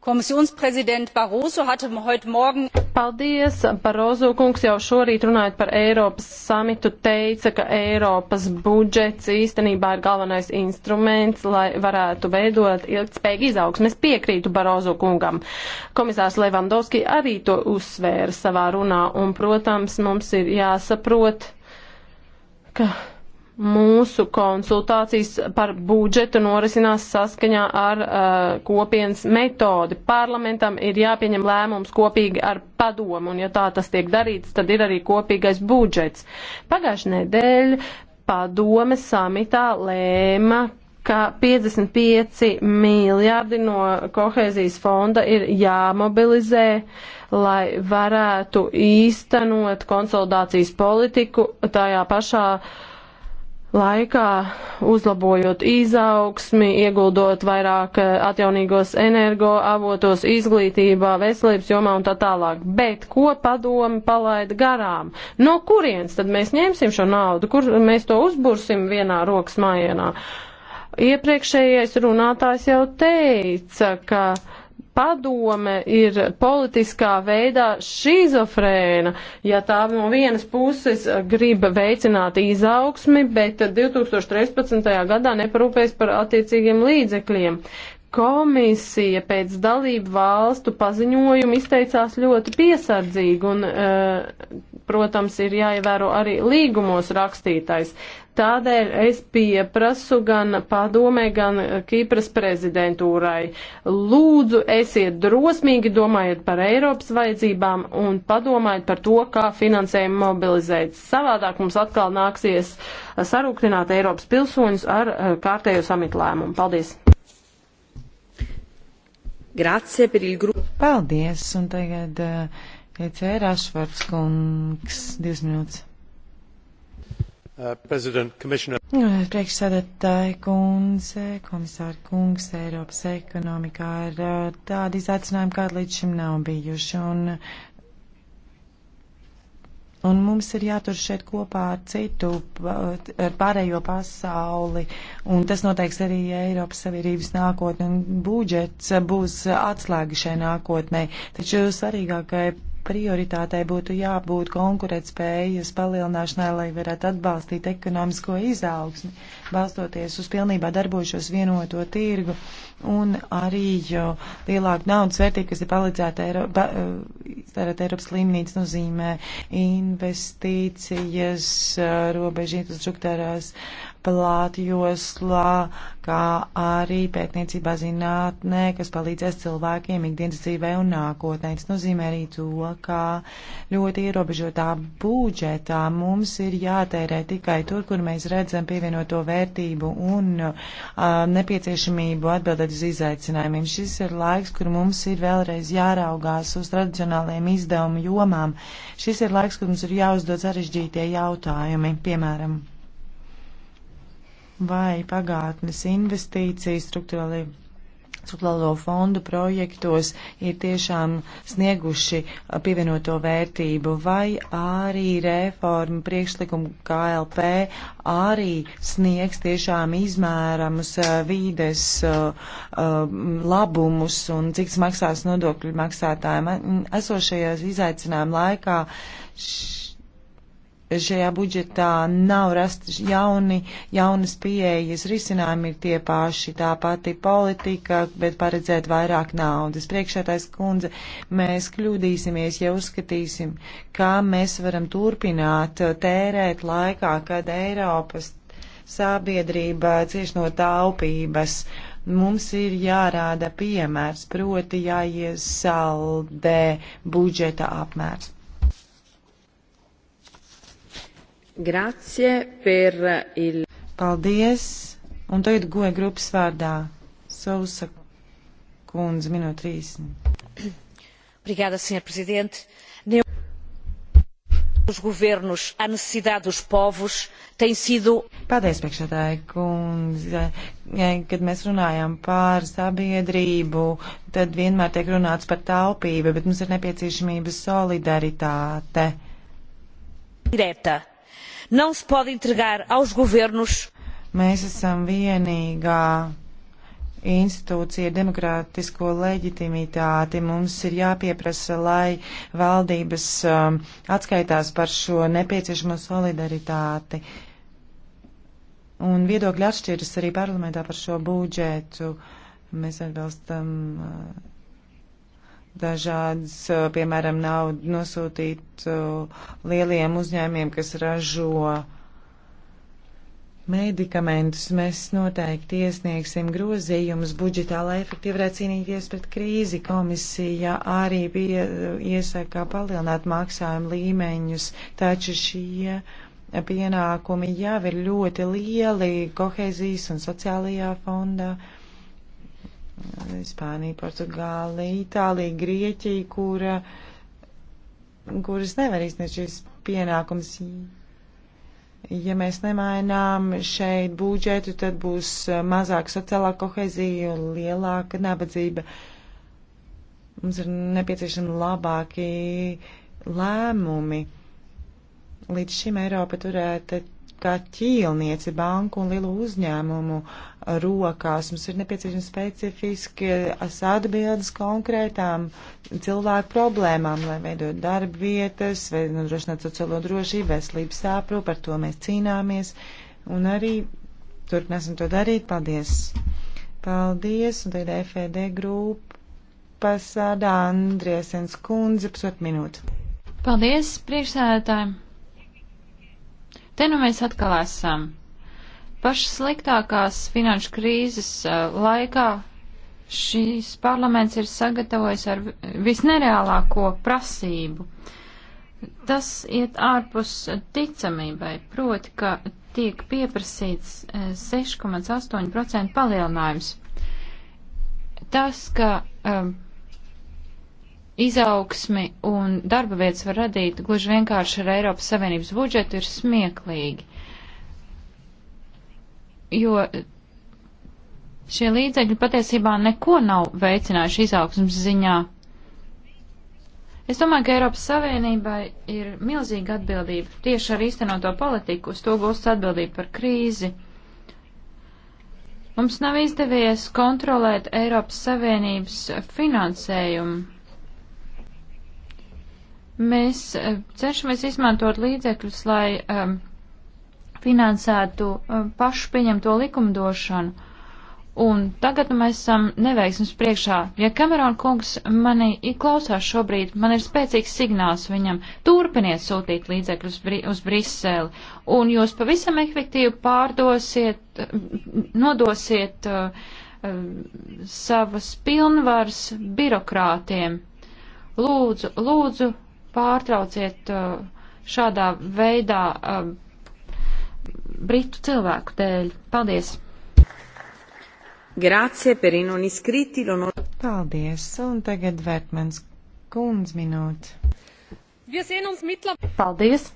Kommissionspräsident Barroso hatte heute Morgen. Paldies, Barroso kungs jau šorīt runājot par Eiropas samitu, teica, ka Eiropas budžets īstenībā ir galvenais instruments, lai varētu veidot ilgspējīgu izaugsmu. Es piekrītu Barroso kungam. Komisārs Levandovski arī to uzsvēra savā runā, un, protams, mums ir jāsaprot, ka Mūsu konsultācijas par budžetu norisinās saskaņā ar uh, kopienas metodi. Parlamentam ir jāpieņem lēmums kopīgi ar padomu, un ja tā tas tiek darīts, tad ir arī kopīgais budžets. Pagājušajā nedēļā padome samitā lēma, ka 55 miljārdi no kohēzijas fonda ir jāmobilizē, lai varētu īstenot konsolidācijas politiku tajā pašā uh, laikā, uzlabojot izaugsmi, ieguldot vairāk eh, atjaunīgos energoavotos, izglītībā, veselības jomā un tā tālāk. Bet ko padomi palaida garām? No kurienes tad mēs ņemsim šo naudu? Kur mēs to uzbursim vienā rokas mājienā? Iepriekšējais runātājs jau teica, ka padome ir politiskā veidā šizofrēna, ja tā no vienas puses grib veicināt izaugsmi, bet 2013. gadā neparūpēs par attiecīgiem līdzekļiem. Komisija pēc dalību valstu paziņojuma izteicās ļoti piesardzīgi un, eh, protams, ir jāievēro arī līgumos rakstītais. Tādēļ es pieprasu gan padomē, gan Kīpras prezidentūrai. Lūdzu, esiet drosmīgi, domājiet par Eiropas vajadzībām un padomājiet par to, kā finansējumu mobilizēt. Savādāk mums atkal nāksies sarūktināt Eiropas pilsoņus ar eh, kārtējo samitu lēmumu. Paldies! Grazie per il gruppo. Paldies, un tagad uh, eh, ECR Ašvards kungs, divas minūtes. Uh, priekšsēdētāji kundze, komisāri kungs, Eiropas ekonomikā ir uh, tādi izaicinājumi, kādi līdz šim nav bijuši. Un, un mums ir jātur šeit kopā ar citu, ar pārējo pasauli. Un tas noteiks arī Eiropas Savienības nākotni. Un budžets būs atslēga šai nākotnē. Taču svarīgākai prioritātei būtu jābūt konkurētspējas palielināšanai, lai varētu atbalstīt ekonomisko izaugsmi, balstoties uz pilnībā darbojušos vienoto tirgu un arī lielāku naudas vērtību, kas ir palīdzēta Eiro, ba, eh, Eiropas slimnīcas nozīmē investīcijas eh, robežu infrastruktūrās plātjoslā, kā arī pētniecībā zinātnē, kas palīdzēs cilvēkiem ikdienas dzīvē un nākotnē. Tas nozīmē arī to, ka ļoti ierobežotā budžetā mums ir jātērē tikai tur, kur mēs redzam pievienoto vērtību un uh, nepieciešamību atbildēt uz izaicinājumiem. Šis ir laiks, kur mums ir vēlreiz jāraugās uz tradicionāliem izdevumu jomām. Šis ir laiks, kur mums ir jāuzdod sarežģītie jautājumi, piemēram vai pagātnes investīcijas struktūrālajā struktūrālo fondu projektos ir tiešām snieguši uh, pievienoto vērtību, vai arī reforma priekšlikuma KLP arī sniegs tiešām izmēramus uh, vīdes uh, um, labumus un cik tas maksās nodokļu maksātājiem esošajās izaicinājuma laikā. Š šajā budžetā nav rast jauni, jaunas pieejas, risinājumi ir tie paši, tā pati politika, bet paredzēt vairāk naudas. Priekšētais kundze, mēs kļūdīsimies, ja uzskatīsim, kā mēs varam turpināt tērēt laikā, kad Eiropas sabiedrība cieš no taupības mums ir jārāda piemērs, proti jāiesaldē budžeta apmērs. Grazie per il. Paldies. Un tagad goja grupas vārdā. Sausa kundze, minūte 30. Obrigada, senhor presidente. Nenhum dos governos à necessidade dos povos tem sido. Paldies, priekšsēdētāji kundze. Kad mēs runājam par sabiedrību, tad vienmēr tiek runāts par taupību, bet mums ir nepieciešamība solidaritāte. Direkta não se pode entregar aos governos. Mēs esam vienīgā institūcija demokrātisko leģitimitāti. Mums ir jāpieprasa, lai valdības um, atskaitās par šo nepieciešamo solidaritāti. Un viedokļi atšķiras arī parlamentā par šo budžetu. Mēs atbalstam. Uh, dažādas, piemēram, naudu nosūtīt lieliem uzņēmiem, kas ražo medikamentus. Mēs noteikti iesniegsim grozījumus budžetā, lai efektīvi varētu cīnīties pret krīzi. Komisija arī bija iesaka palielināt maksājumu līmeņus, taču šie pienākumi jau ir ļoti lieli kohēzijas un sociālajā fondā. Uh, Spānija, Portugāla, Itālija, Grieķija, kura, kuras nevar izniegt šīs pienākums. Ja mēs nemainām šeit budžetu, tad būs mazāk sociālā kohezija un lielāka nabadzība. Mums ir nepieciešami labāki lēmumi. Līdz šim Eiropa turēta kā ķīlniece banku un lielu uzņēmumu uh, rokās. Mums ir nepieciešams specifiski atbildes konkrētām cilvēku problēmām, lai veidot darba vietas, vai nodrošināt sociālo drošību, veselības aprūpu, par to mēs cīnāmies. Un arī turpināsim to darīt. Paldies! Paldies! Un tad FED grupas sādā Andriesens kundze, pusot minūte. Paldies, priekšsēdētāji! Te nu mēs atkal esam Pašas sliktākās finanšu krīzes uh, laikā šīs parlaments ir sagatavojis ar visnereālāko prasību. Tas iet ārpus ticamībai, proti, ka tiek pieprasīts 6,8% uh, palielinājums. Tas, ka um, izaugsmi un darba vietas var radīt gluži vienkārši ar Eiropas Savienības budžetu, ir smieklīgi jo šie līdzekļi patiesībā neko nav veicinājuši izaugsmas ziņā. Es domāju, ka Eiropas Savienībai ir milzīga atbildība tieši ar īstenoto politiku, uz to gūst atbildība par krīzi. Mums nav izdevies kontrolēt Eiropas Savienības finansējumu. Mēs eh, cenšamies izmantot līdzekļus, lai um, finansētu eh, pašu pieņemto likumdošanu. Un tagad nu, mēs esam neveiksmes priekšā. Ja Kamerona kungs mani klausās šobrīd, man ir spēcīgs signāls viņam. Turpiniet sūtīt līdzekļus bri uz Briseli, un jūs pavisam efektīvi pārdosiet, eh, nodosiet uh, uh, savas pilnvaras birokrātiem. Lūdzu, lūdzu, pārtrauciet uh, šādā veidā uh, britu cilvēku dēļ. Paldies! Grācie per in un iskriti l'onor. Paldies, un tagad Vērtmens kundz minūte. Paldies!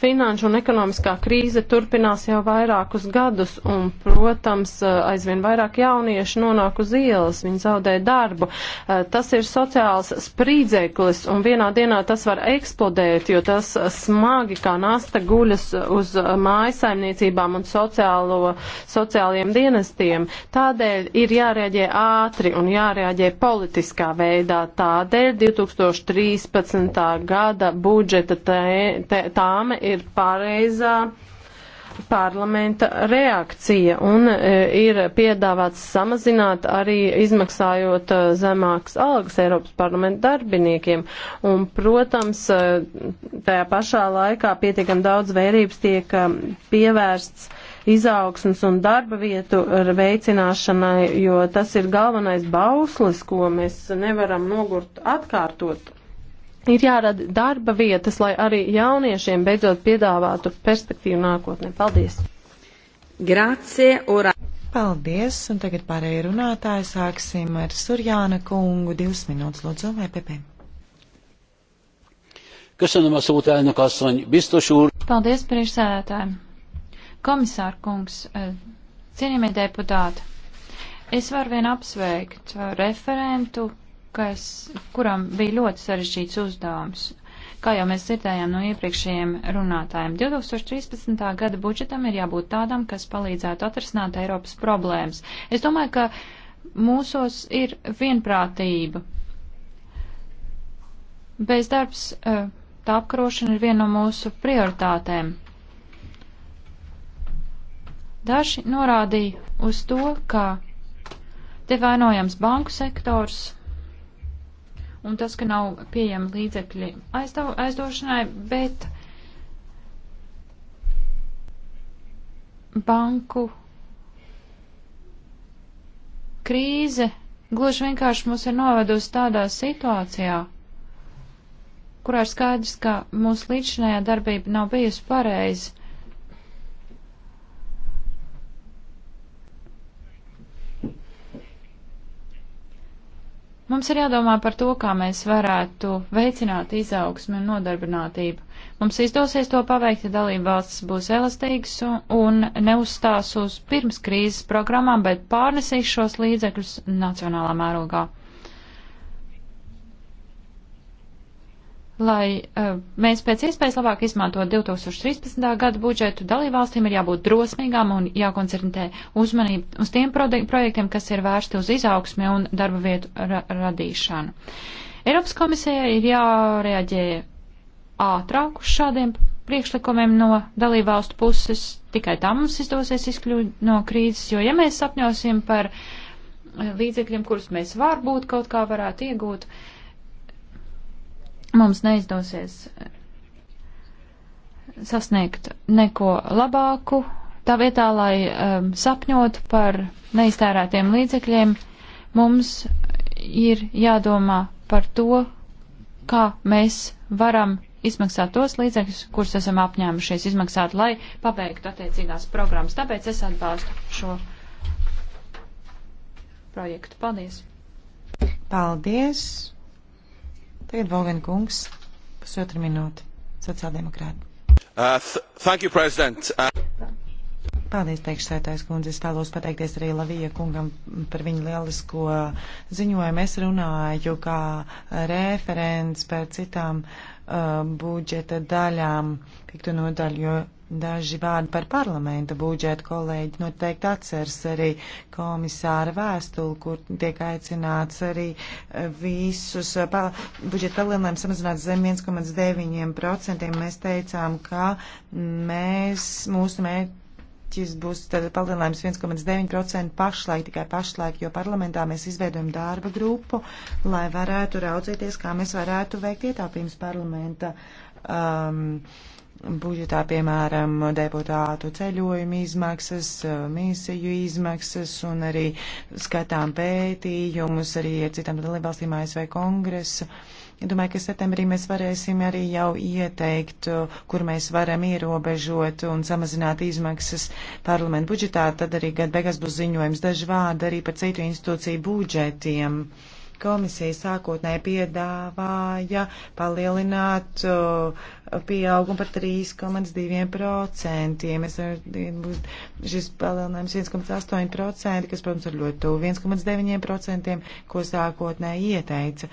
Finanšu un ekonomiskā krīze turpinās jau vairākus gadus, un, protams, eh, aizvien vairāk jaunieši nonāk uz ielas, viņi zaudē darbu. Eh, tas ir sociāls sprīdzeklis, un vienā dienā tas var eksplodēt, jo tas smagi kā nasta guļas uz eh, mājasaimniecībām un sociālo, sociālajiem dienestiem. Tādēļ ir jārēģē ātri un jārēģē politiskā veidā. Tādēļ 2013. gada budžeta tēma ir pareizā parlamenta reakcija un e, ir piedāvāts samazināt arī izmaksājot e, zemākas algas Eiropas parlamenta darbiniekiem. Un, protams, e, tajā pašā laikā pietiekam daudz vērības tiek pievērsts izaugsmas un darba vietu veicināšanai, jo tas ir galvenais bauslis, ko mēs nevaram nogurt atkārtot ir jārada darba vietas, lai arī jauniešiem beidzot piedāvātu perspektīvu nākotnē. Paldies! Grācie, orā! Paldies, un tagad pārējie runātāji sāksim ar Surjāna kungu. Divas minūtes, lūdzu, vai Pepe. Köszönöm a szót, elnök asszony, biztos úr. Paldies, priekšsēdētājiem. Komisār kungs, eh, cienījamie deputāti, es varu vien apsveikt referentu kas, kuram bija ļoti sarežģīts uzdevums. Kā jau mēs dzirdējām no iepriekšējiem runātājiem, 2013. gada budžetam ir jābūt tādam, kas palīdzētu atrisināt Eiropas problēmas. Es domāju, ka mūsos ir vienprātība. Bezdarbs, eh, tā apkarošana ir viena no mūsu prioritātēm. Daži norādīja uz to, ka te vainojams banku sektors, un tas, ka nav pieejami līdzekļi aizdo, aizdošanai, bet banku krīze gluži vienkārši mūs ir novedusi tādā situācijā, kurā ir skaidrs, ka mūsu līdzinājā darbība nav bijusi pareizi. Mums ir jādomā par to, kā mēs varētu veicināt izaugsmi un nodarbinātību. Mums izdosies to paveikt, ja dalība valsts būs elastīgas un, un neuzstās uz pirms krīzes programmām, bet pārnesīs šos līdzekļus nacionālā mērogā. lai uh, mēs pēc iespējas labāk izmantot 2013. gada budžetu, dalībvalstīm ir jābūt drosmīgām un jākoncentrē uzmanību uz tiem projektiem, kas ir vērsti uz izaugsmi un darba vietu ra radīšanu. Eiropas komisijai ir jāreaģē ātrāk uz šādiem priekšlikumiem no dalībvalstu puses. Tikai tā mums izdosies izkļūt no krīzes, jo ja mēs sapņosim par eh, līdzekļiem, kurus mēs varbūt kaut kā varētu iegūt, uh, mums neizdosies eh, sasniegt neko labāku, tā vietā, lai um, ehm, sapņotu par neiztērētiem līdzekļiem, mums ir jādomā par to, kā mēs varam izmaksāt tos līdzekļus, kurus esam apņēmušies izmaksāt, lai pabeigtu attiecīgās programmas. Tāpēc es atbalstu šo projektu. Paldies! Paldies! Tagad Volgan kungs, pusotra minūte, sociāldemokrāti. Uh, thank you, President. Uh... Paldies, priekšsētājs kundze. Es vēlos pateikties arī Lavija kungam par viņu lielisko ziņojumu. Es runāju kā referents par citām uh, budžeta daļām, piekto nodaļu, jo Daži vārdi par parlamenta budžetu kolēģi noteikti atceras arī komisāra vēstuli, kur tiek aicināts arī eh, visus eh, pa, budžeta palielinājumus samazināt zem 1,9%. Mēs teicām, ka mēs, mūsu mērķi mērķis būs palielinājums 1,9% pašlaik, tikai pašlaik, jo parlamentā mēs izveidojam darba grupu, lai varētu raudzīties, kā mēs varētu veikt ietaupījums parlamenta. Um, budžetā, piemēram, deputātu ceļojumu izmaksas, misiju izmaksas un arī skatām pētījumus arī ar citām dalībvalstīm ASV kongresu. Ja domāju, ka septembrī mēs varēsim arī jau ieteikt, kur mēs varam ierobežot un samazināt izmaksas parlamentu budžetā. Tad arī gada beigās būs ziņojums daži vārdi arī par citu institūciju budžetiem komisija sākotnēji piedāvāja palielināt uh, pieauguma par 3,2%. Mēs arvien būs šis palielinājums 1,8%, kas, protams, ir ļoti tuvu 1,9%, ko sākotnē ieteica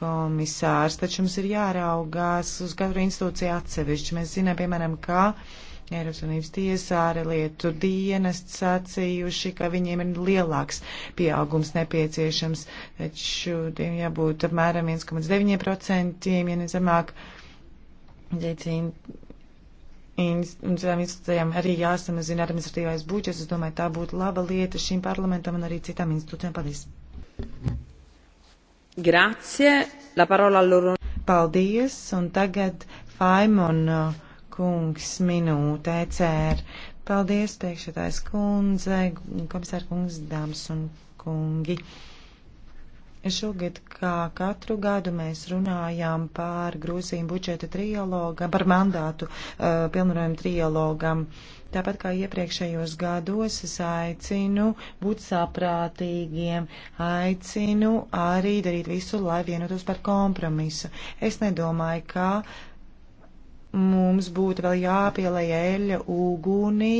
komisārs. Taču mums ir jāraugās uz katru institūciju atsevišķi. Mēs zinām, piemēram, kā. Eiropas Unības tiesā ārlietu dienests sacījuši, ka viņiem ir lielāks pieaugums nepieciešams, taču tiem jābūt apmēram 1,9%, ja nezamāk. Uh, Institūcijām institūcijām arī jāsamazina administratīvais būdžets. Es domāju, tā būtu laba lieta šim parlamentam un arī citām institūcijām. Paldies! Grazie! La parola loro. Paldies! Un tagad Faimon uh, kungs minūte ECR. Paldies, priekšētājs kundze, komisāra kungs, dāmas un kungi. Šogad, kā katru gadu, mēs runājām par grozījumu budžeta trijologam, par mandātu uh, pilnvarojumu trijologam. Tāpat kā iepriekšējos gados, es aicinu būt saprātīgiem, aicinu arī darīt visu, lai vienotos par kompromisu. Es nedomāju, ka uh, mums būtu vēl jāpielai eļļa ugunī,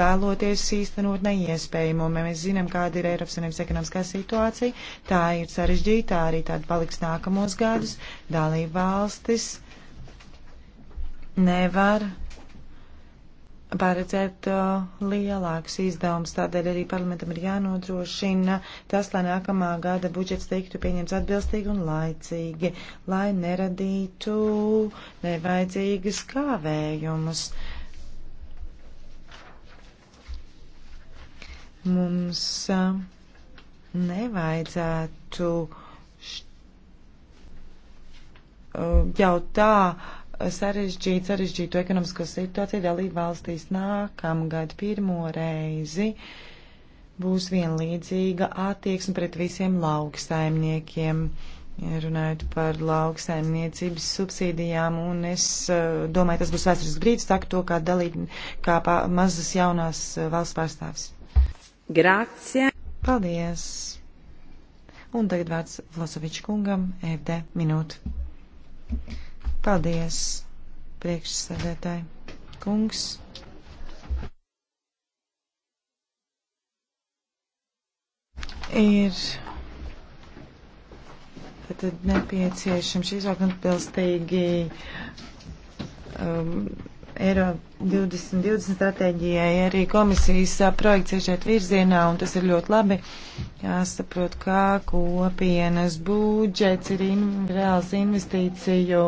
vēloties īstenot neiespējamo. Mēs zinām, kāda ir Eiropas Savienības ekonomiskā situācija. Tā ir sarežģīta, arī tāda paliks nākamos gadus. Dalība valstis nevar paredzēt uh, lielākus izdevumus. Tādēļ arī parlamentam ir jānodrošina tas, lai nākamā gada budžets tiktu pieņemts atbilstīgi un laicīgi, lai neradītu nevajadzīgas kāvējumus. Mums uh, nevajadzētu št, uh, jau tā sarežģīt, sarežģītu ekonomisko situāciju dalību valstīs nākamgad pirmo reizi būs vienlīdzīga attieksme pret visiem lauksaimniekiem. Runājot par lauksaimniecības subsīdijām, un es uh, domāju, tas būs vēsturisks brīdis, saku to kā dalība, kā pā, mazas jaunās eh, valsts pārstāvis. Grācija. Paldies. Un tagad vārds Vlosovičs kungam, FD minūte. Paldies, priekšsēdētāji. Kungs. Ir tad nepieciešams izaugt atbilstīgi um, Eiropa 2020 stratēģijai arī komisijas projekts ir šeit virzienā, un tas ir ļoti labi. Jāsaprot, kā kopienas budžets ir in, reāls investīciju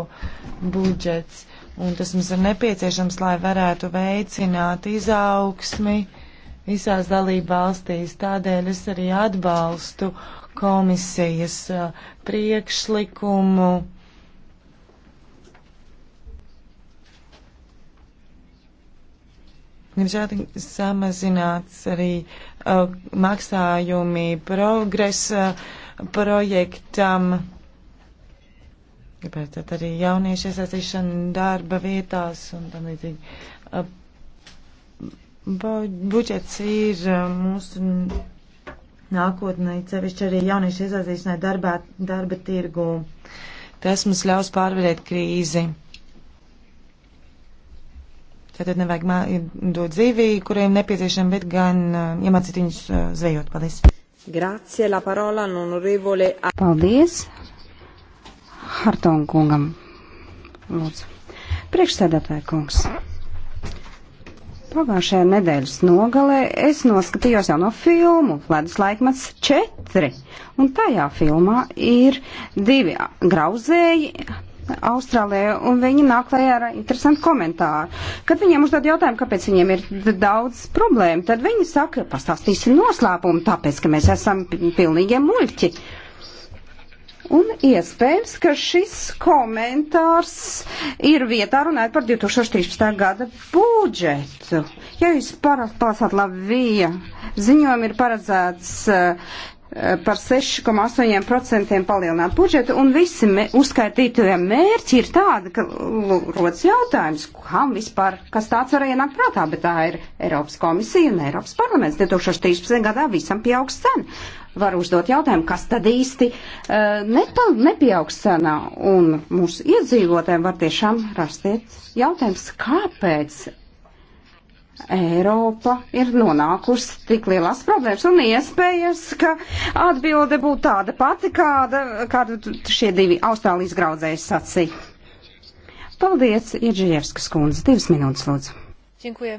budžets, un tas mums ir nepieciešams, lai varētu veicināt izaugsmi visās dalība valstīs. Tādēļ es arī atbalstu komisijas priekšlikumu Diemžēl tika samazināts arī uh, maksājumi progresa uh, projektam. Tāpēc tad arī jauniešu iesaistīšana darba vietās un tam līdzīgi. Uh, budžets ir uh, mūsu nākotnē, cevišķi arī jauniešu iesaistīšanai darbā, darba tirgū. Tas mums ļaus pārvarēt krīzi. Tātad nevajag dot zivī, kuriem nepieciešama, bet gan iemācīt viņus zvejot. Paldies! Grazie, la parola non rivole. Paldies! Hartongungam, lūdzu. Priekšsēdētāja kungs. Pagājušajā nedēļas nogalē es noskatījos jau no filmu Ledus laikmets 4, un tajā filmā ir divi grauzēji Austrālijā, un viņi nāk klajā ar interesantu komentāru. Kad viņiem uzdod jautājumu, kāpēc viņiem ir daudz problēmu, tad viņi saka, pastāstīsim noslēpumu, tāpēc, ka mēs esam pilnīgi muļķi. Un iespējams, ka šis komentārs ir vietā runājot par 2013. gada budžetu. Ja jūs pārāk pārsāt Lavija, ziņojumi ir paredzēts uh, Eh, par 6,8% palielināt budžetu, un visi me, uzskaitītie mērķi ir tādi, ka rodas jautājums, kam vispār, kas tāds var ienākt prātā, bet tā ir Eiropas komisija un Eiropas parlaments. 2013. gadā visam pieaugs cena. Var uzdot jautājumu, kas tad īsti uh, nepa, nepieaugs cenā, un mūsu iedzīvotēm var tiešām rasties jautājums, kāpēc Eiropa ir nonākusi tik lielās problēmas un iespējas, ka atbilde būtu tāda pati, kāda, kādu šie divi Austrālijas graudzēji sacīja. Paldies, Iedžievskas kundze. Divas minūtes, lūdzu. Dziękuję.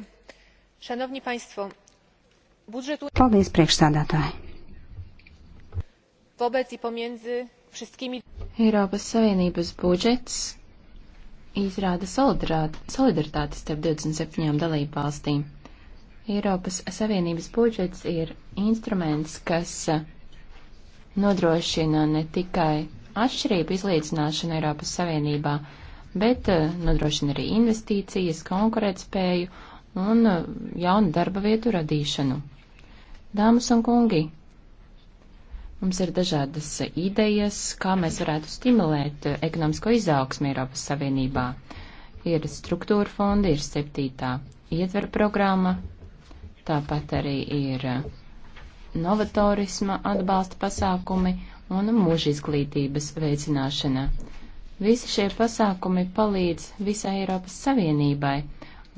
Šanovni paņstvo, budžetu... Paldies, priekšsādātāji. Vobec i pomienzi všetkými... Eiropas Savienības budžets izrāda solidaritāti starp 27 dalību valstīm. Eiropas Savienības budžets ir instruments, kas nodrošina ne tikai atšķirību izlīdzināšanu Eiropas Savienībā, bet eh, nodrošina arī investīcijas, konkurētspēju un eh, jaunu darba vietu radīšanu. Dāmas un kungi, Mums ir dažādas idejas, kā mēs varētu stimulēt ekonomisko izaugsmu Eiropas Savienībā. Ir struktūra fondi, ir septītā ietvera programma, tāpat arī ir novatorisma atbalsta pasākumi un mūža izglītības veicināšana. Visi šie pasākumi palīdz visai Eiropas Savienībai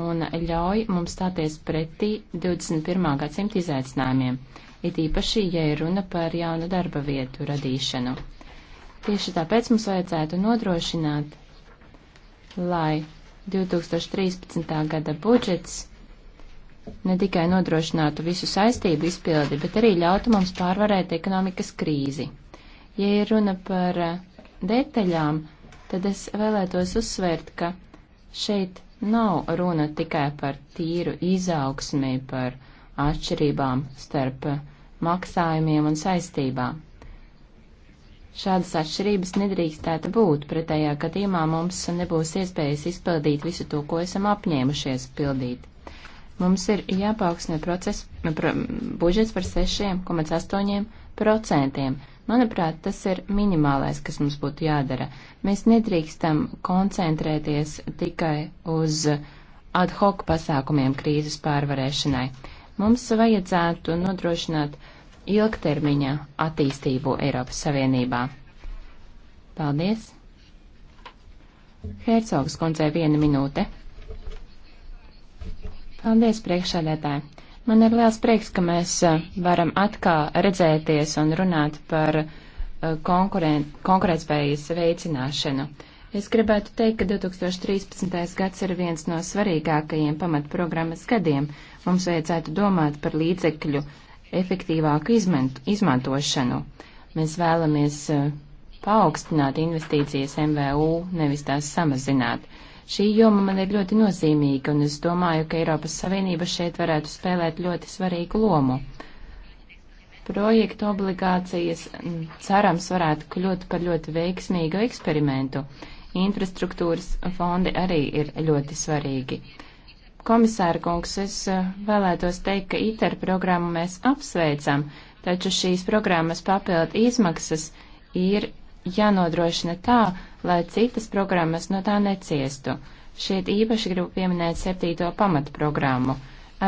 un ļauj mums stāties pretī 21. gadsimta izaicinājumiem it īpaši, ja ir runa par jaunu darba vietu radīšanu. Tieši tāpēc mums vajadzētu nodrošināt, lai 2013. gada budžets ne tikai nodrošinātu visu saistību izpildi, bet arī ļautu mums pārvarēt ekonomikas krīzi. Ja ir runa par detaļām, tad es vēlētos uzsvērt, ka šeit nav runa tikai par tīru izaugsmi, par atšķirībām starp maksājumiem un saistībām. Šādas atšķirības nedrīkstētu būt, pretējā gadījumā mums nebūs iespējas izpildīt visu to, ko esam apņēmušies pildīt. Mums ir jāpaugstina proces, nu, pro, budžets par 6,8%. Manuprāt, tas ir minimālais, kas mums būtu jādara. Mēs nedrīkstam koncentrēties tikai uz ad hoc pasākumiem krīzes pārvarēšanai. Mums vajadzētu nodrošināt uh, ilgtermiņa attīstību Eiropas Savienībā. Paldies! Hercogs kundzei viena minūte. Paldies, priekšsēdētāji! Man ir liels prieks, ka mēs eh, varam atkal redzēties un runāt par eh, konkurētspējas veicināšanu. Es gribētu teikt, ka 2013. gads ir viens no svarīgākajiem pamatprogrammas gadiem. Mums vajadzētu domāt par līdzekļu efektīvāku izmantu, izmantošanu. Mēs vēlamies eh, paaugstināt investīcijas MVU, nevis tās samazināt. Šī joma man ir ļoti nozīmīga, un es domāju, ka Eiropas Savienība šeit varētu spēlēt ļoti svarīgu lomu. Projektu obligācijas mm, cerams varētu kļūt par ļoti veiksmīgu eksperimentu. Infrastruktūras fondi arī ir ļoti svarīgi. Komisāra kungs, es eh, vēlētos teikt, ka ITER programmu mēs apsveicam, taču šīs programmas papildu izmaksas ir jānodrošina tā, lai citas programmas no tā neciestu. Šeit īpaši gribu pieminēt septīto pamatu programmu.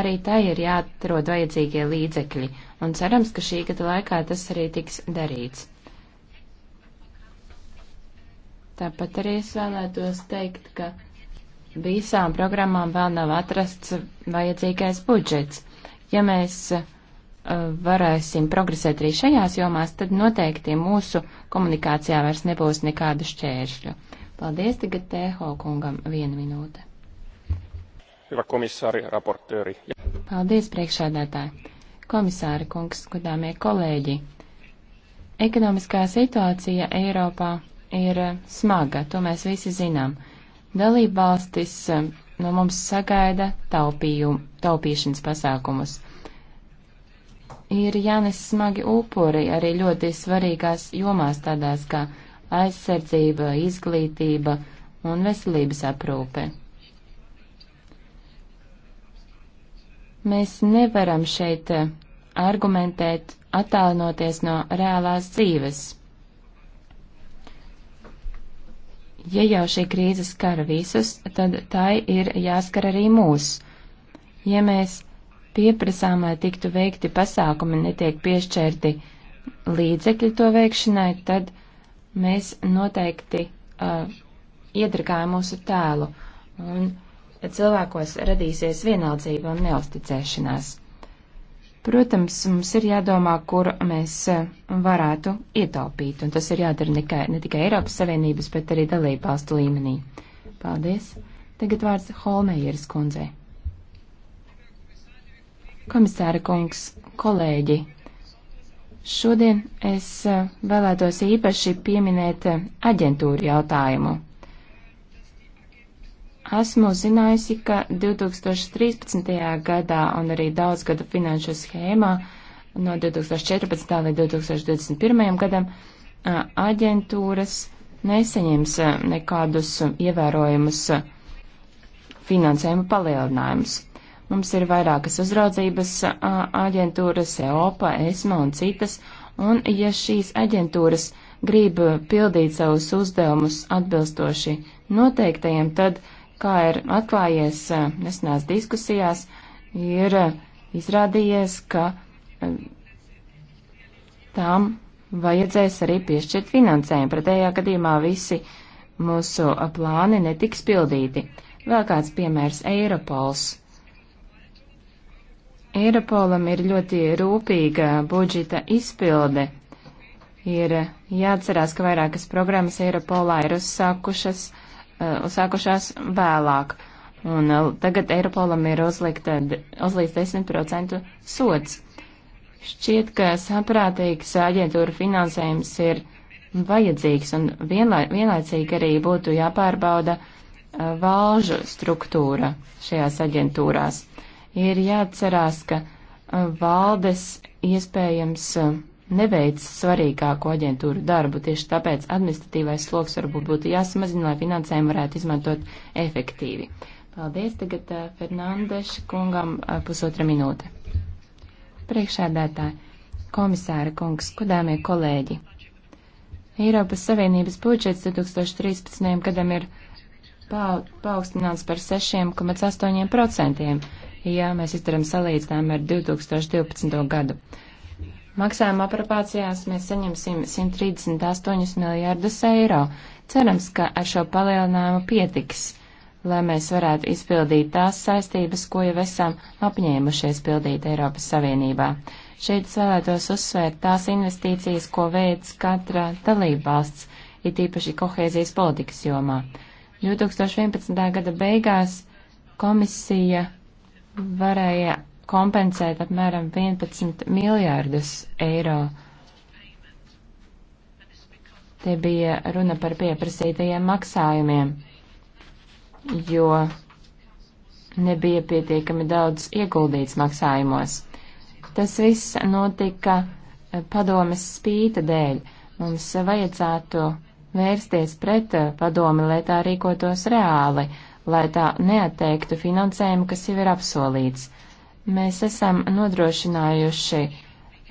Arī tai ir jāatrod vajadzīgie līdzekļi, un cerams, ka šī gada laikā tas arī tiks darīts. Tāpat arī es vēlētos teikt, ka visām programmām vēl nav atrasts vajadzīgais budžets. Ja mēs uh, varēsim progresēt arī šajās jomās, tad noteikti mūsu komunikācijā vairs nebūs nekādu šķēršļu. Paldies tagad Tēho kungam viena minūte. Hyvä komissaari, raportööri. Paldies priekšādātāji. Komisāri kungs, godāmie kolēģi. Ekonomiskā situācija Eiropā ir smaga, to mēs visi zinām. Dalībvalstis eh, no mums sagaida taupījumu, taupīšanas pasākumus. Ir jānes smagi upuri arī ļoti svarīgās jomās tādās kā aizsardzība, izglītība un veselības aprūpe. Mēs nevaram šeit eh, argumentēt attālinoties no reālās dzīves. Ja jau šī krīze skara visus, tad tai ir jāskar arī mūs. Ja mēs pieprasām, lai tiktu veikti pasākumi, netiek piešķērti līdzekļi to veikšanai, tad mēs noteikti uh, iedragājam mūsu tēlu un cilvēkos radīsies vienaldzība un neusticēšanās. Protams, mums ir jādomā, kur mēs eh, varētu ietaupīt, un tas ir jādara nekā, ne tikai Eiropas Savienības, bet arī dalībvalstu līmenī. Paldies! Tagad vārds Holmejeras kundzei. Komisāra kungs, kolēģi, šodien es eh, vēlētos īpaši pieminēt eh, aģentūru jautājumu. Esmu zinājusi, ka 2013. gadā un arī daudzgada finanšu schēmā no 2014. līdz 2021. gadam aģentūras neseņems nekādus ievērojumus finansējuma palielinājumus. Mums ir vairākas uzraudzības aģentūras, EOPA, ESMA un citas, un ja šīs aģentūras grib pildīt savus uzdevumus atbilstoši noteiktajiem, tad uh, kā ir atklājies nesenās diskusijās, ir izrādījies, ka tām vajadzēs arī piešķirt finansējumu. Pretējā gadījumā visi mūsu plāni netiks pildīti. Vēl kāds piemērs - Eiropols. Eiropolam ir ļoti rūpīga budžeta izpilde. Ir jāatcerās, ka vairākas programmas Eiropolā ir uzsākušas uh, uzsākušās uh, vēlāk. Un uh, tagad Eiropolam ir uzlikta, uzlīdz 10% sots. Šķiet, ka saprātīgs aģentūra finansējums ir vajadzīgs un vienlai, vienlaicīgi arī būtu jāpārbauda uh, valžu struktūra šajās aģentūrās. Ir jāatcerās, ka valdes iespējams neveic svarīgāko aģentūru darbu, tieši tāpēc administratīvais sloks varbūt būtu jāsamazina, lai finansējumu varētu izmantot efektīvi. Paldies tagad uh, Fernandeša kungam uh, pusotra minūte. Priekšēdētāji, komisāra kungs, kodāmie kolēģi. Eiropas Savienības budžets 2013. gadam ir paaugstināts par 6,8%, ja mēs izdarām salīdzinājumu ar 2012. gadu. Maksājuma apropācijās mēs saņemsim 138 miljārdus eiro. Cerams, ka ar šo palielinājumu pietiks, lai mēs varētu izpildīt tās saistības, ko jau esam apņēmušies pildīt Eiropas Savienībā. Šeit es vēlētos uzsvērt tās investīcijas, ko veids katra dalībvalsts, it īpaši kohēzijas politikas jomā. 2011. gada beigās komisija varēja kompensēt apmēram 11 miljārdus eiro. Te bija runa par pieprasītajiem maksājumiem, jo nebija pietiekami daudz ieguldīts maksājumos. Tas viss notika eh, padomes spīta dēļ. Mums vajadzētu vērsties pret eh, padomi, lai tā rīkotos reāli, lai tā neatteiktu finansējumu, kas jau ir apsolīts. Mēs esam nodrošinājuši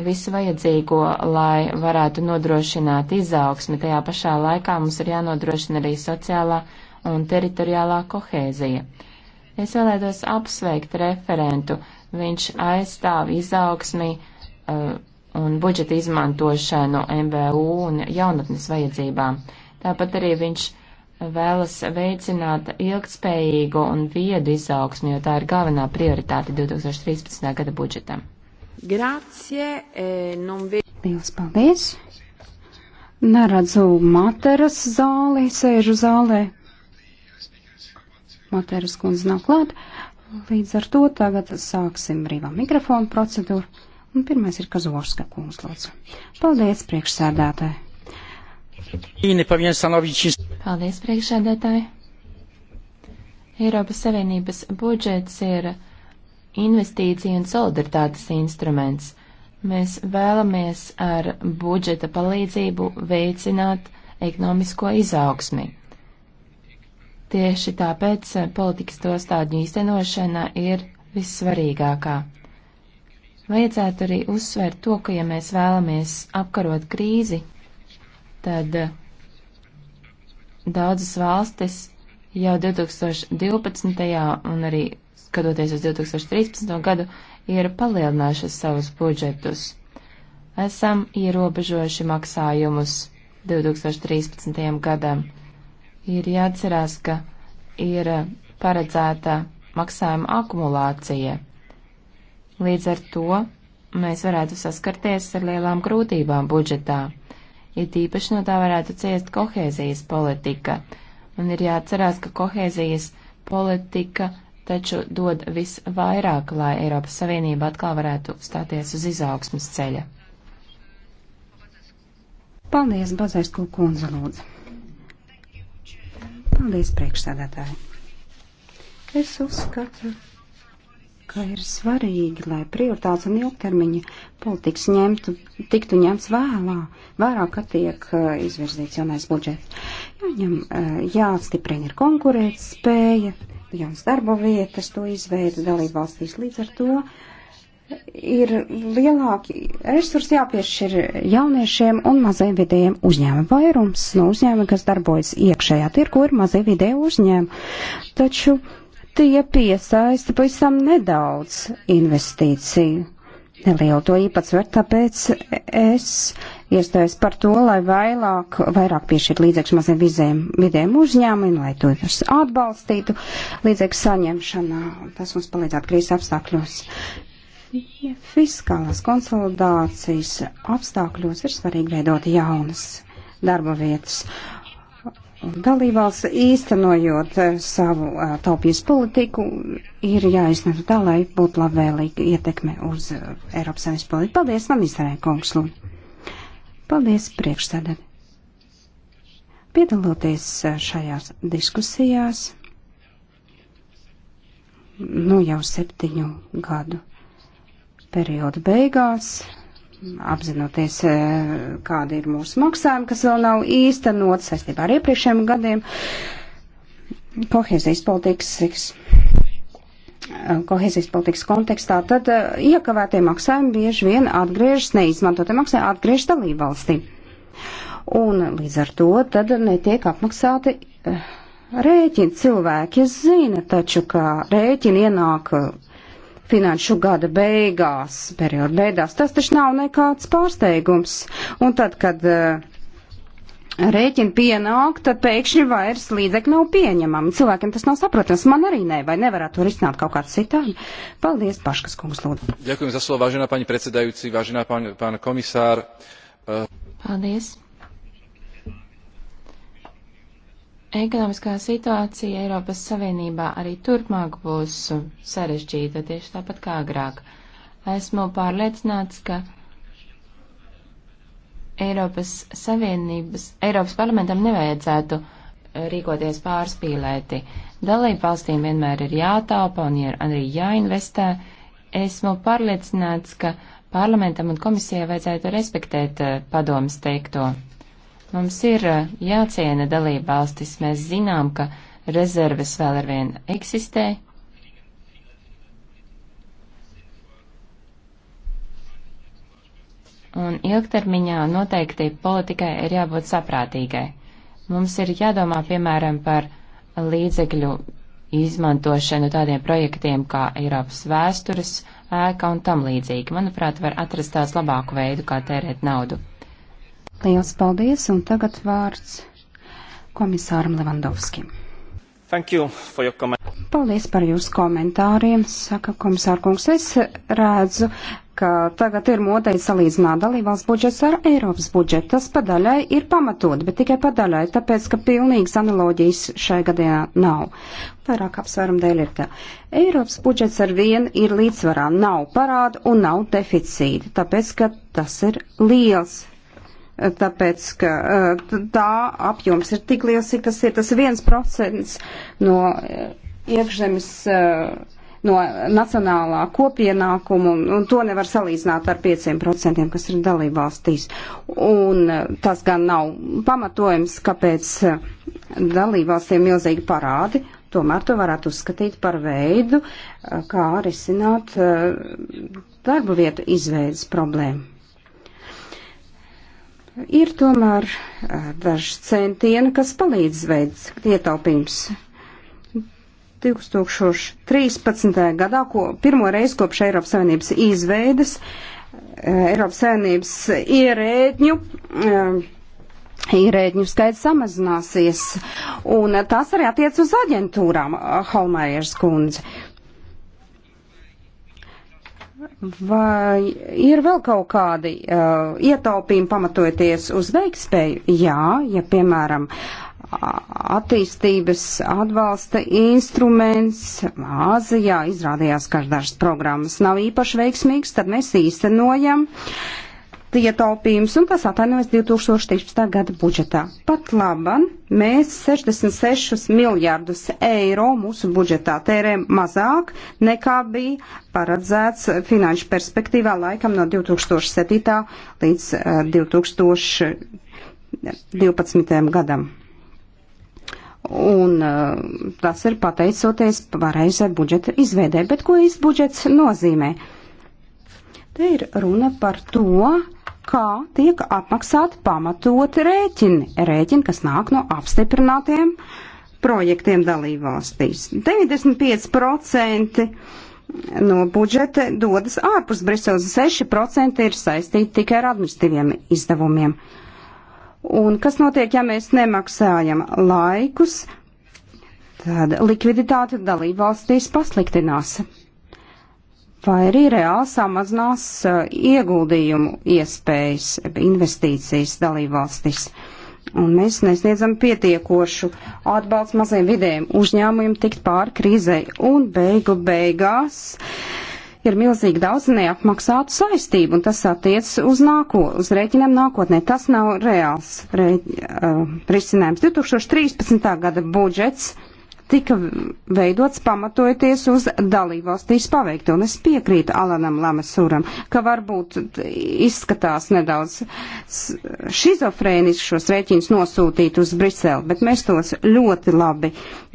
visu vajadzīgo, lai varētu nodrošināt izaugsmi. Tajā pašā laikā mums ir jānodrošina arī sociālā un teritoriālā kohēzija. Es vēlētos apsveikt referentu. Viņš aizstāv izaugsmi uh, un budžeta izmantošanu MVU un jaunatnes vajadzībām. Tāpat arī viņš vēlas veicināt ilgtspējīgu un viedu izaugsmi, jo tā ir galvenā prioritāte 2013. gada budžetam. Grācie, e, eh, non vi... Liels paldies! Neredzu materas zāli, sēžu zālē. Materas kundze nav klāt. Līdz ar to tagad sāksim brīvā mikrofona procedūru. Un pirmais ir Kazovska kungs, lūdzu. Paldies, priekšsēdētāji! Paldies, priekšsēdētāji! Eiropas Savienības budžets ir investīcija un solidaritātes instruments. Mēs vēlamies ar budžeta palīdzību veicināt ekonomisko izaugsmi. Tieši tāpēc politikas nostādņu īstenošana ir vissvarīgākā. Vajadzētu arī uzsvērt to, ka ja mēs vēlamies apkarot krīzi, tad eh, daudzas valstis jau 2012. un arī skatoties uz 2013. gadu ir palielinājušas savus budžetus. Esam ierobežojuši maksājumus 2013. gadam. Ir jāatcerās, ka ir paredzēta maksājuma akumulācija. Līdz ar to mēs varētu saskarties ar lielām grūtībām budžetā ja tīpaši no tā varētu ciest kohēzijas politika. Un ir jāatcerās, ka kohēzijas politika taču dod visvairāk, lai Eiropas Savienība atkal varētu stāties uz izaugsmas ceļa. Paldies, Bazēsku kundze, lūdzu. Paldies, priekšsēdētāji. Es uzskatu, ka ir svarīgi, lai prioritāts un ilgtermiņa politikas ņemtu, tiktu ņemts vēlā, vērā, kad tiek uh, izvirzīts jaunais budžets. Jāņem, uh, jāstiprina ir konkurēt spēja, jauns darba vietas, to izveida dalību valstīs līdz ar to. Ir lielāki resursi jāpiešķir jauniešiem un maziem vidējiem uzņēmumiem. Vairums no uzņēmumiem, kas darbojas iekšējā tirgu, ir mazie vidēji uzņēmumi. Taču uh, tie piesaista pavisam nedaudz investīciju. Nelielu to īpatsvaru, tāpēc es iestājos par to, lai vairāk, vairāk piešķirt līdzekļus maziem vizēm, vidiem uzņēmumiem, lai to atbalstītu līdzekļu saņemšanā. Tas mums palīdzētu krīzes apstākļos. Fiskālās konsolidācijas apstākļos ir svarīgi veidot jaunas darba vietas. Dalībvalsts īstenojot eh, savu eh, taupības politiku ir jāizsver tā, lai būtu labvēlīga ietekme uz eh, Eiropas Savienības politiku. Paldies, man izdarēja kungs lūdzu. Paldies, priekšsēdētāji. Piedaloties šajās diskusijās, nu jau septiņu gadu periodu beigās, apzinoties, eh, kādi ir mūsu maksājumi, kas vēl nav īstenot saistībā ar iepriekšējiem gadiem. Kohēzijas politikas, eh, kohēzijas politikas kontekstā, tad eh, iekavētie maksājumi bieži vien atgriežas, neizmantotie maksājumi atgriežas dalību valstī. Un līdz ar to tad netiek apmaksāti rēķini cilvēki. Es zinu taču, ka rēķini ienāk uh, finanšu gada beigās, perioda beigās. Tas taču nav nekāds pārsteigums. Un tad, kad uh, rēķini pienāk, tad pēkšņi vairs līdzekļi nav pieņemami. Cilvēkiem tas nav saprotams. Man arī nē, vai nevarētu to risināt kaut kāds citādi. Paldies, Paškas kungs, lūdzu. Ďakujem za slovo, vážená pani predsedajúci, vážená pán, pán komisār. Uh... Eh, Paldies. Ekonomiskā situācija Eiropas Savienībā arī turpmāk būs sarežģīta, tieši tāpat kā agrāk. Esmu pārliecināts, ka Eiropas Savienības, Eiropas parlamentam nevajadzētu eh, rīkoties pārspīlēti. Dalību valstīm vienmēr ir jātaupa un ir arī jāinvestē. Esmu pārliecināts, ka parlamentam un komisijai vajadzētu respektēt eh, padomas teikto. Mums ir eh, jāciena dalība valstis. Mēs zinām, ka rezerves vēl ar vienu eksistē. Un ilgtermiņā noteikti politikai ir jābūt saprātīgai. Mums ir jādomā, piemēram, par līdzekļu izmantošanu tādiem projektiem kā Eiropas vēstures ēka un tam līdzīgi. Manuprāt, var atrast tās labāku veidu, kā tērēt naudu. Liels paldies, un tagad vārds komisāram Levandovskim. You paldies par jūsu komentāriem, saka komisārkungs. Es redzu, ka tagad ir modei salīdzināt dalībvalsts budžets ar Eiropas budžetu. Tas padaļai ir pamatot, bet tikai padaļai, tāpēc, ka pilnīgas analoģijas šai gadienā nav. Vairāk apsvērumu dēļ ir tā. Eiropas budžets ar vienu ir līdzsvarā, nav parādu un nav deficīti, tāpēc, ka tas ir liels tāpēc, ka eh, tā apjoms ir tik liels, cik tas ir. Tas ir viens procents no eh, iekšzemes, eh, no nacionālā kopienākuma, un to nevar salīdzināt ar pieciem procentiem, kas ir dalībvalstīs. Un tas gan nav pamatojums, kāpēc dalībvalstiem milzīgi parādi, tomēr to varētu uzskatīt par veidu, kā risināt darba vietu izveidas problēmu. Ir tomēr daži centieni, kas palīdz veids ietaupījums. 2013. gadā, ko pirmo reizi kopš Eiropas Savienības izveides, Eiropas Savienības ierēģņu ierēģņu skaits samazināsies, un tas arī attiec uz aģentūrām, Holmērieša kundze. Vai ir vēl kaut kādi uh, ietaupījumi pamatojoties uz veikspēju? Jā, ja piemēram attīstības atbalsta instruments Āzijā izrādījās, ka dažas programmas nav īpaši veiksmīgas, tad mēs īstenojam uh, ietaupījums un tas atainojas 2013. gada budžetā. Pat laban mēs 66 miljārdus eiro mūsu budžetā tērēm mazāk nekā bija paredzēts finanšu perspektīvā laikam no 2007. līdz 2012. Eh, gadam. Un eh, tas ir pateicoties pareizai budžeta izveidē. Bet ko īsti budžets nozīmē? Te ir runa par to, kā tiek apmaksāti pamatoti rēķini, rēķini, kas nāk no apstiprinātiem projektiem dalībvalstīs. 95% no budžeta dodas ārpus Briseles, 6% ir saistīti tikai ar administratīviem izdevumiem. Un kas notiek, ja mēs nemaksājam laikus, tad likviditāte dalībvalstīs pasliktinās vai arī reāli samazinās eh, ieguldījumu iespējas, investīcijas dalībvalstis. Un mēs nesniedzam pietiekošu atbalstu maziem vidējiem uzņēmumiem tikt pāri krīzei. Un beigu beigās ir milzīgi daudz neapmaksātu saistību, un tas attiec uz nāko, uz rēķiniem nākotnē. Tas nav reāls rē, uh, eh, risinājums. 2013. gada budžets tika veidots pamatojoties uz dalībvalstīs paveikto. Un es piekrītu Alanam Lamesūram, ka varbūt izskatās nedaudz šizofrēniski šos rēķinus nosūtīt uz Briseli, bet mēs tos ļoti labi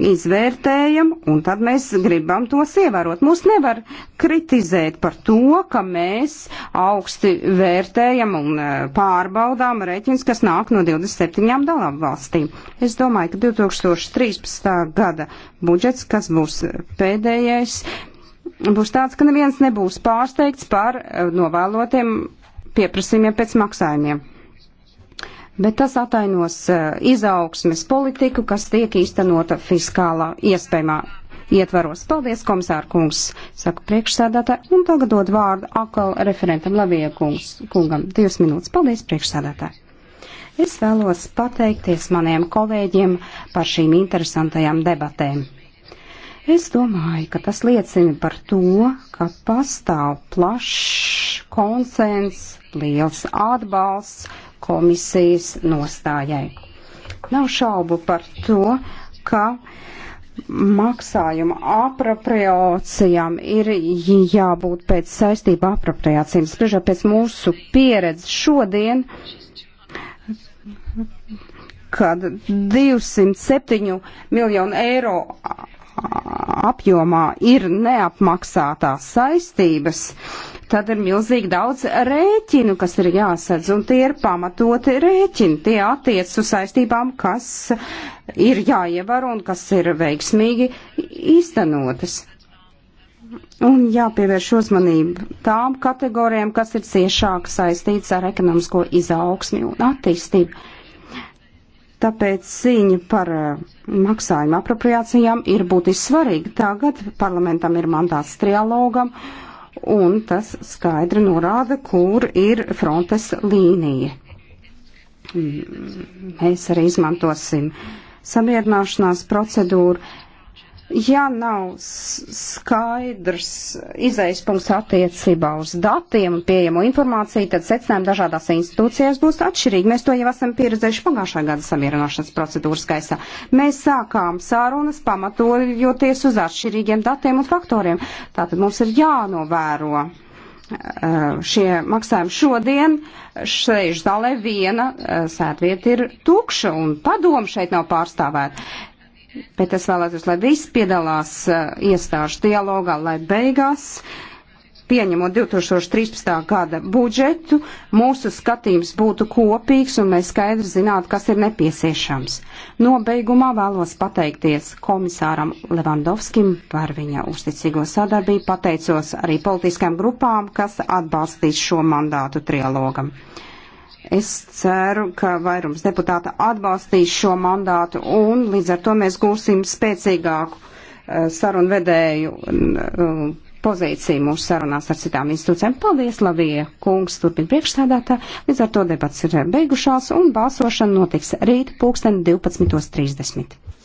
izvērtējam un tad mēs gribam tos ievērot. Mūs nevar kritizēt par to, ka mēs augsti vērtējam un e, pārbaudām rēķinus, kas nāk no 27 dalībvalstīm. Es domāju, ka 2013. gada gada budžets, kas būs pēdējais, būs tāds, ka neviens nebūs pārsteigts par eh, novēlotiem pieprasījumiem pēc maksājumiem. Bet tas atainos eh, izaugsmes politiku, kas tiek īstenota fiskālā iespējamā ietvaros. Paldies, komisāra kungs, saka priekšsēdētāji, un tagad dod vārdu atkal referentam Lavija kungs, kungam. Divas minūtes. Paldies, priekšsēdētāji. Es vēlos pateikties maniem kolēģiem par šīm interesantajām debatēm. Es domāju, ka tas liecina par to, ka pastāv plašs konsens, liels atbalsts komisijas nostājai. Nav šaubu par to, ka maksājuma apropriācijām ir jābūt pēc saistību apropriācijām. Spriežot pēc mūsu pieredzes šodien, uh, kad 207 miljonu eiro apjomā ir neapmaksātās saistības, tad ir milzīgi daudz rēķinu, kas ir jāsadz, un tie ir pamatoti rēķini. Tie attiec uz saistībām, kas ir jāievar un kas ir veiksmīgi īstenotas. Un jāpievērš uzmanību tām kategorijām, kas ir ciešāk saistīts ar ekonomisko izaugsmi un attīstību Tāpēc cīņa par eh, maksājumu apropriācijām ir būtiski svarīga. Tagad parlamentam ir mandāts trialogam, un tas skaidri norāda, kur ir frontes līnija. Mm, mēs arī izmantosim samierināšanās procedūru ja nav skaidrs izējas punkts attiecībā uz datiem un pieejamo informāciju, tad secinājumi dažādās institūcijās būs atšķirīgi. Mēs to jau esam pieredzējuši pagājušā gada samierināšanas procedūras gaisā. Mēs sākām sārunas pamatojoties uz atšķirīgiem datiem un faktoriem. Tātad mums ir jānovēro uh, šie maksājumi šodien, šeit zālē viena uh, sēdvieta ir tukša un padoma šeit nav pārstāvēta bet es vēlētos, lai viss piedalās uh, iestāžu dialogā, lai beigās, pieņemot 2013. gada budžetu, mūsu skatījums būtu kopīgs un mēs skaidri zinātu, kas ir nepieciešams. Nobeigumā vēlos pateikties komisāram Levandovskim par viņa uzticīgo sadarbību, pateicos arī politiskajām grupām, kas atbalstīs šo mandātu trialogam. Es ceru, ka vairums deputāta atbalstīs šo mandātu un līdz ar to mēs gūsim spēcīgāku eh, sarunvedēju eh, pozīciju mūsu sarunās ar citām institūcijām. Paldies, Lavija kungs, turpin priekšsēdētā. Līdz ar to debats ir eh, beigušās un balsošana notiks rīt pulksten 12.30.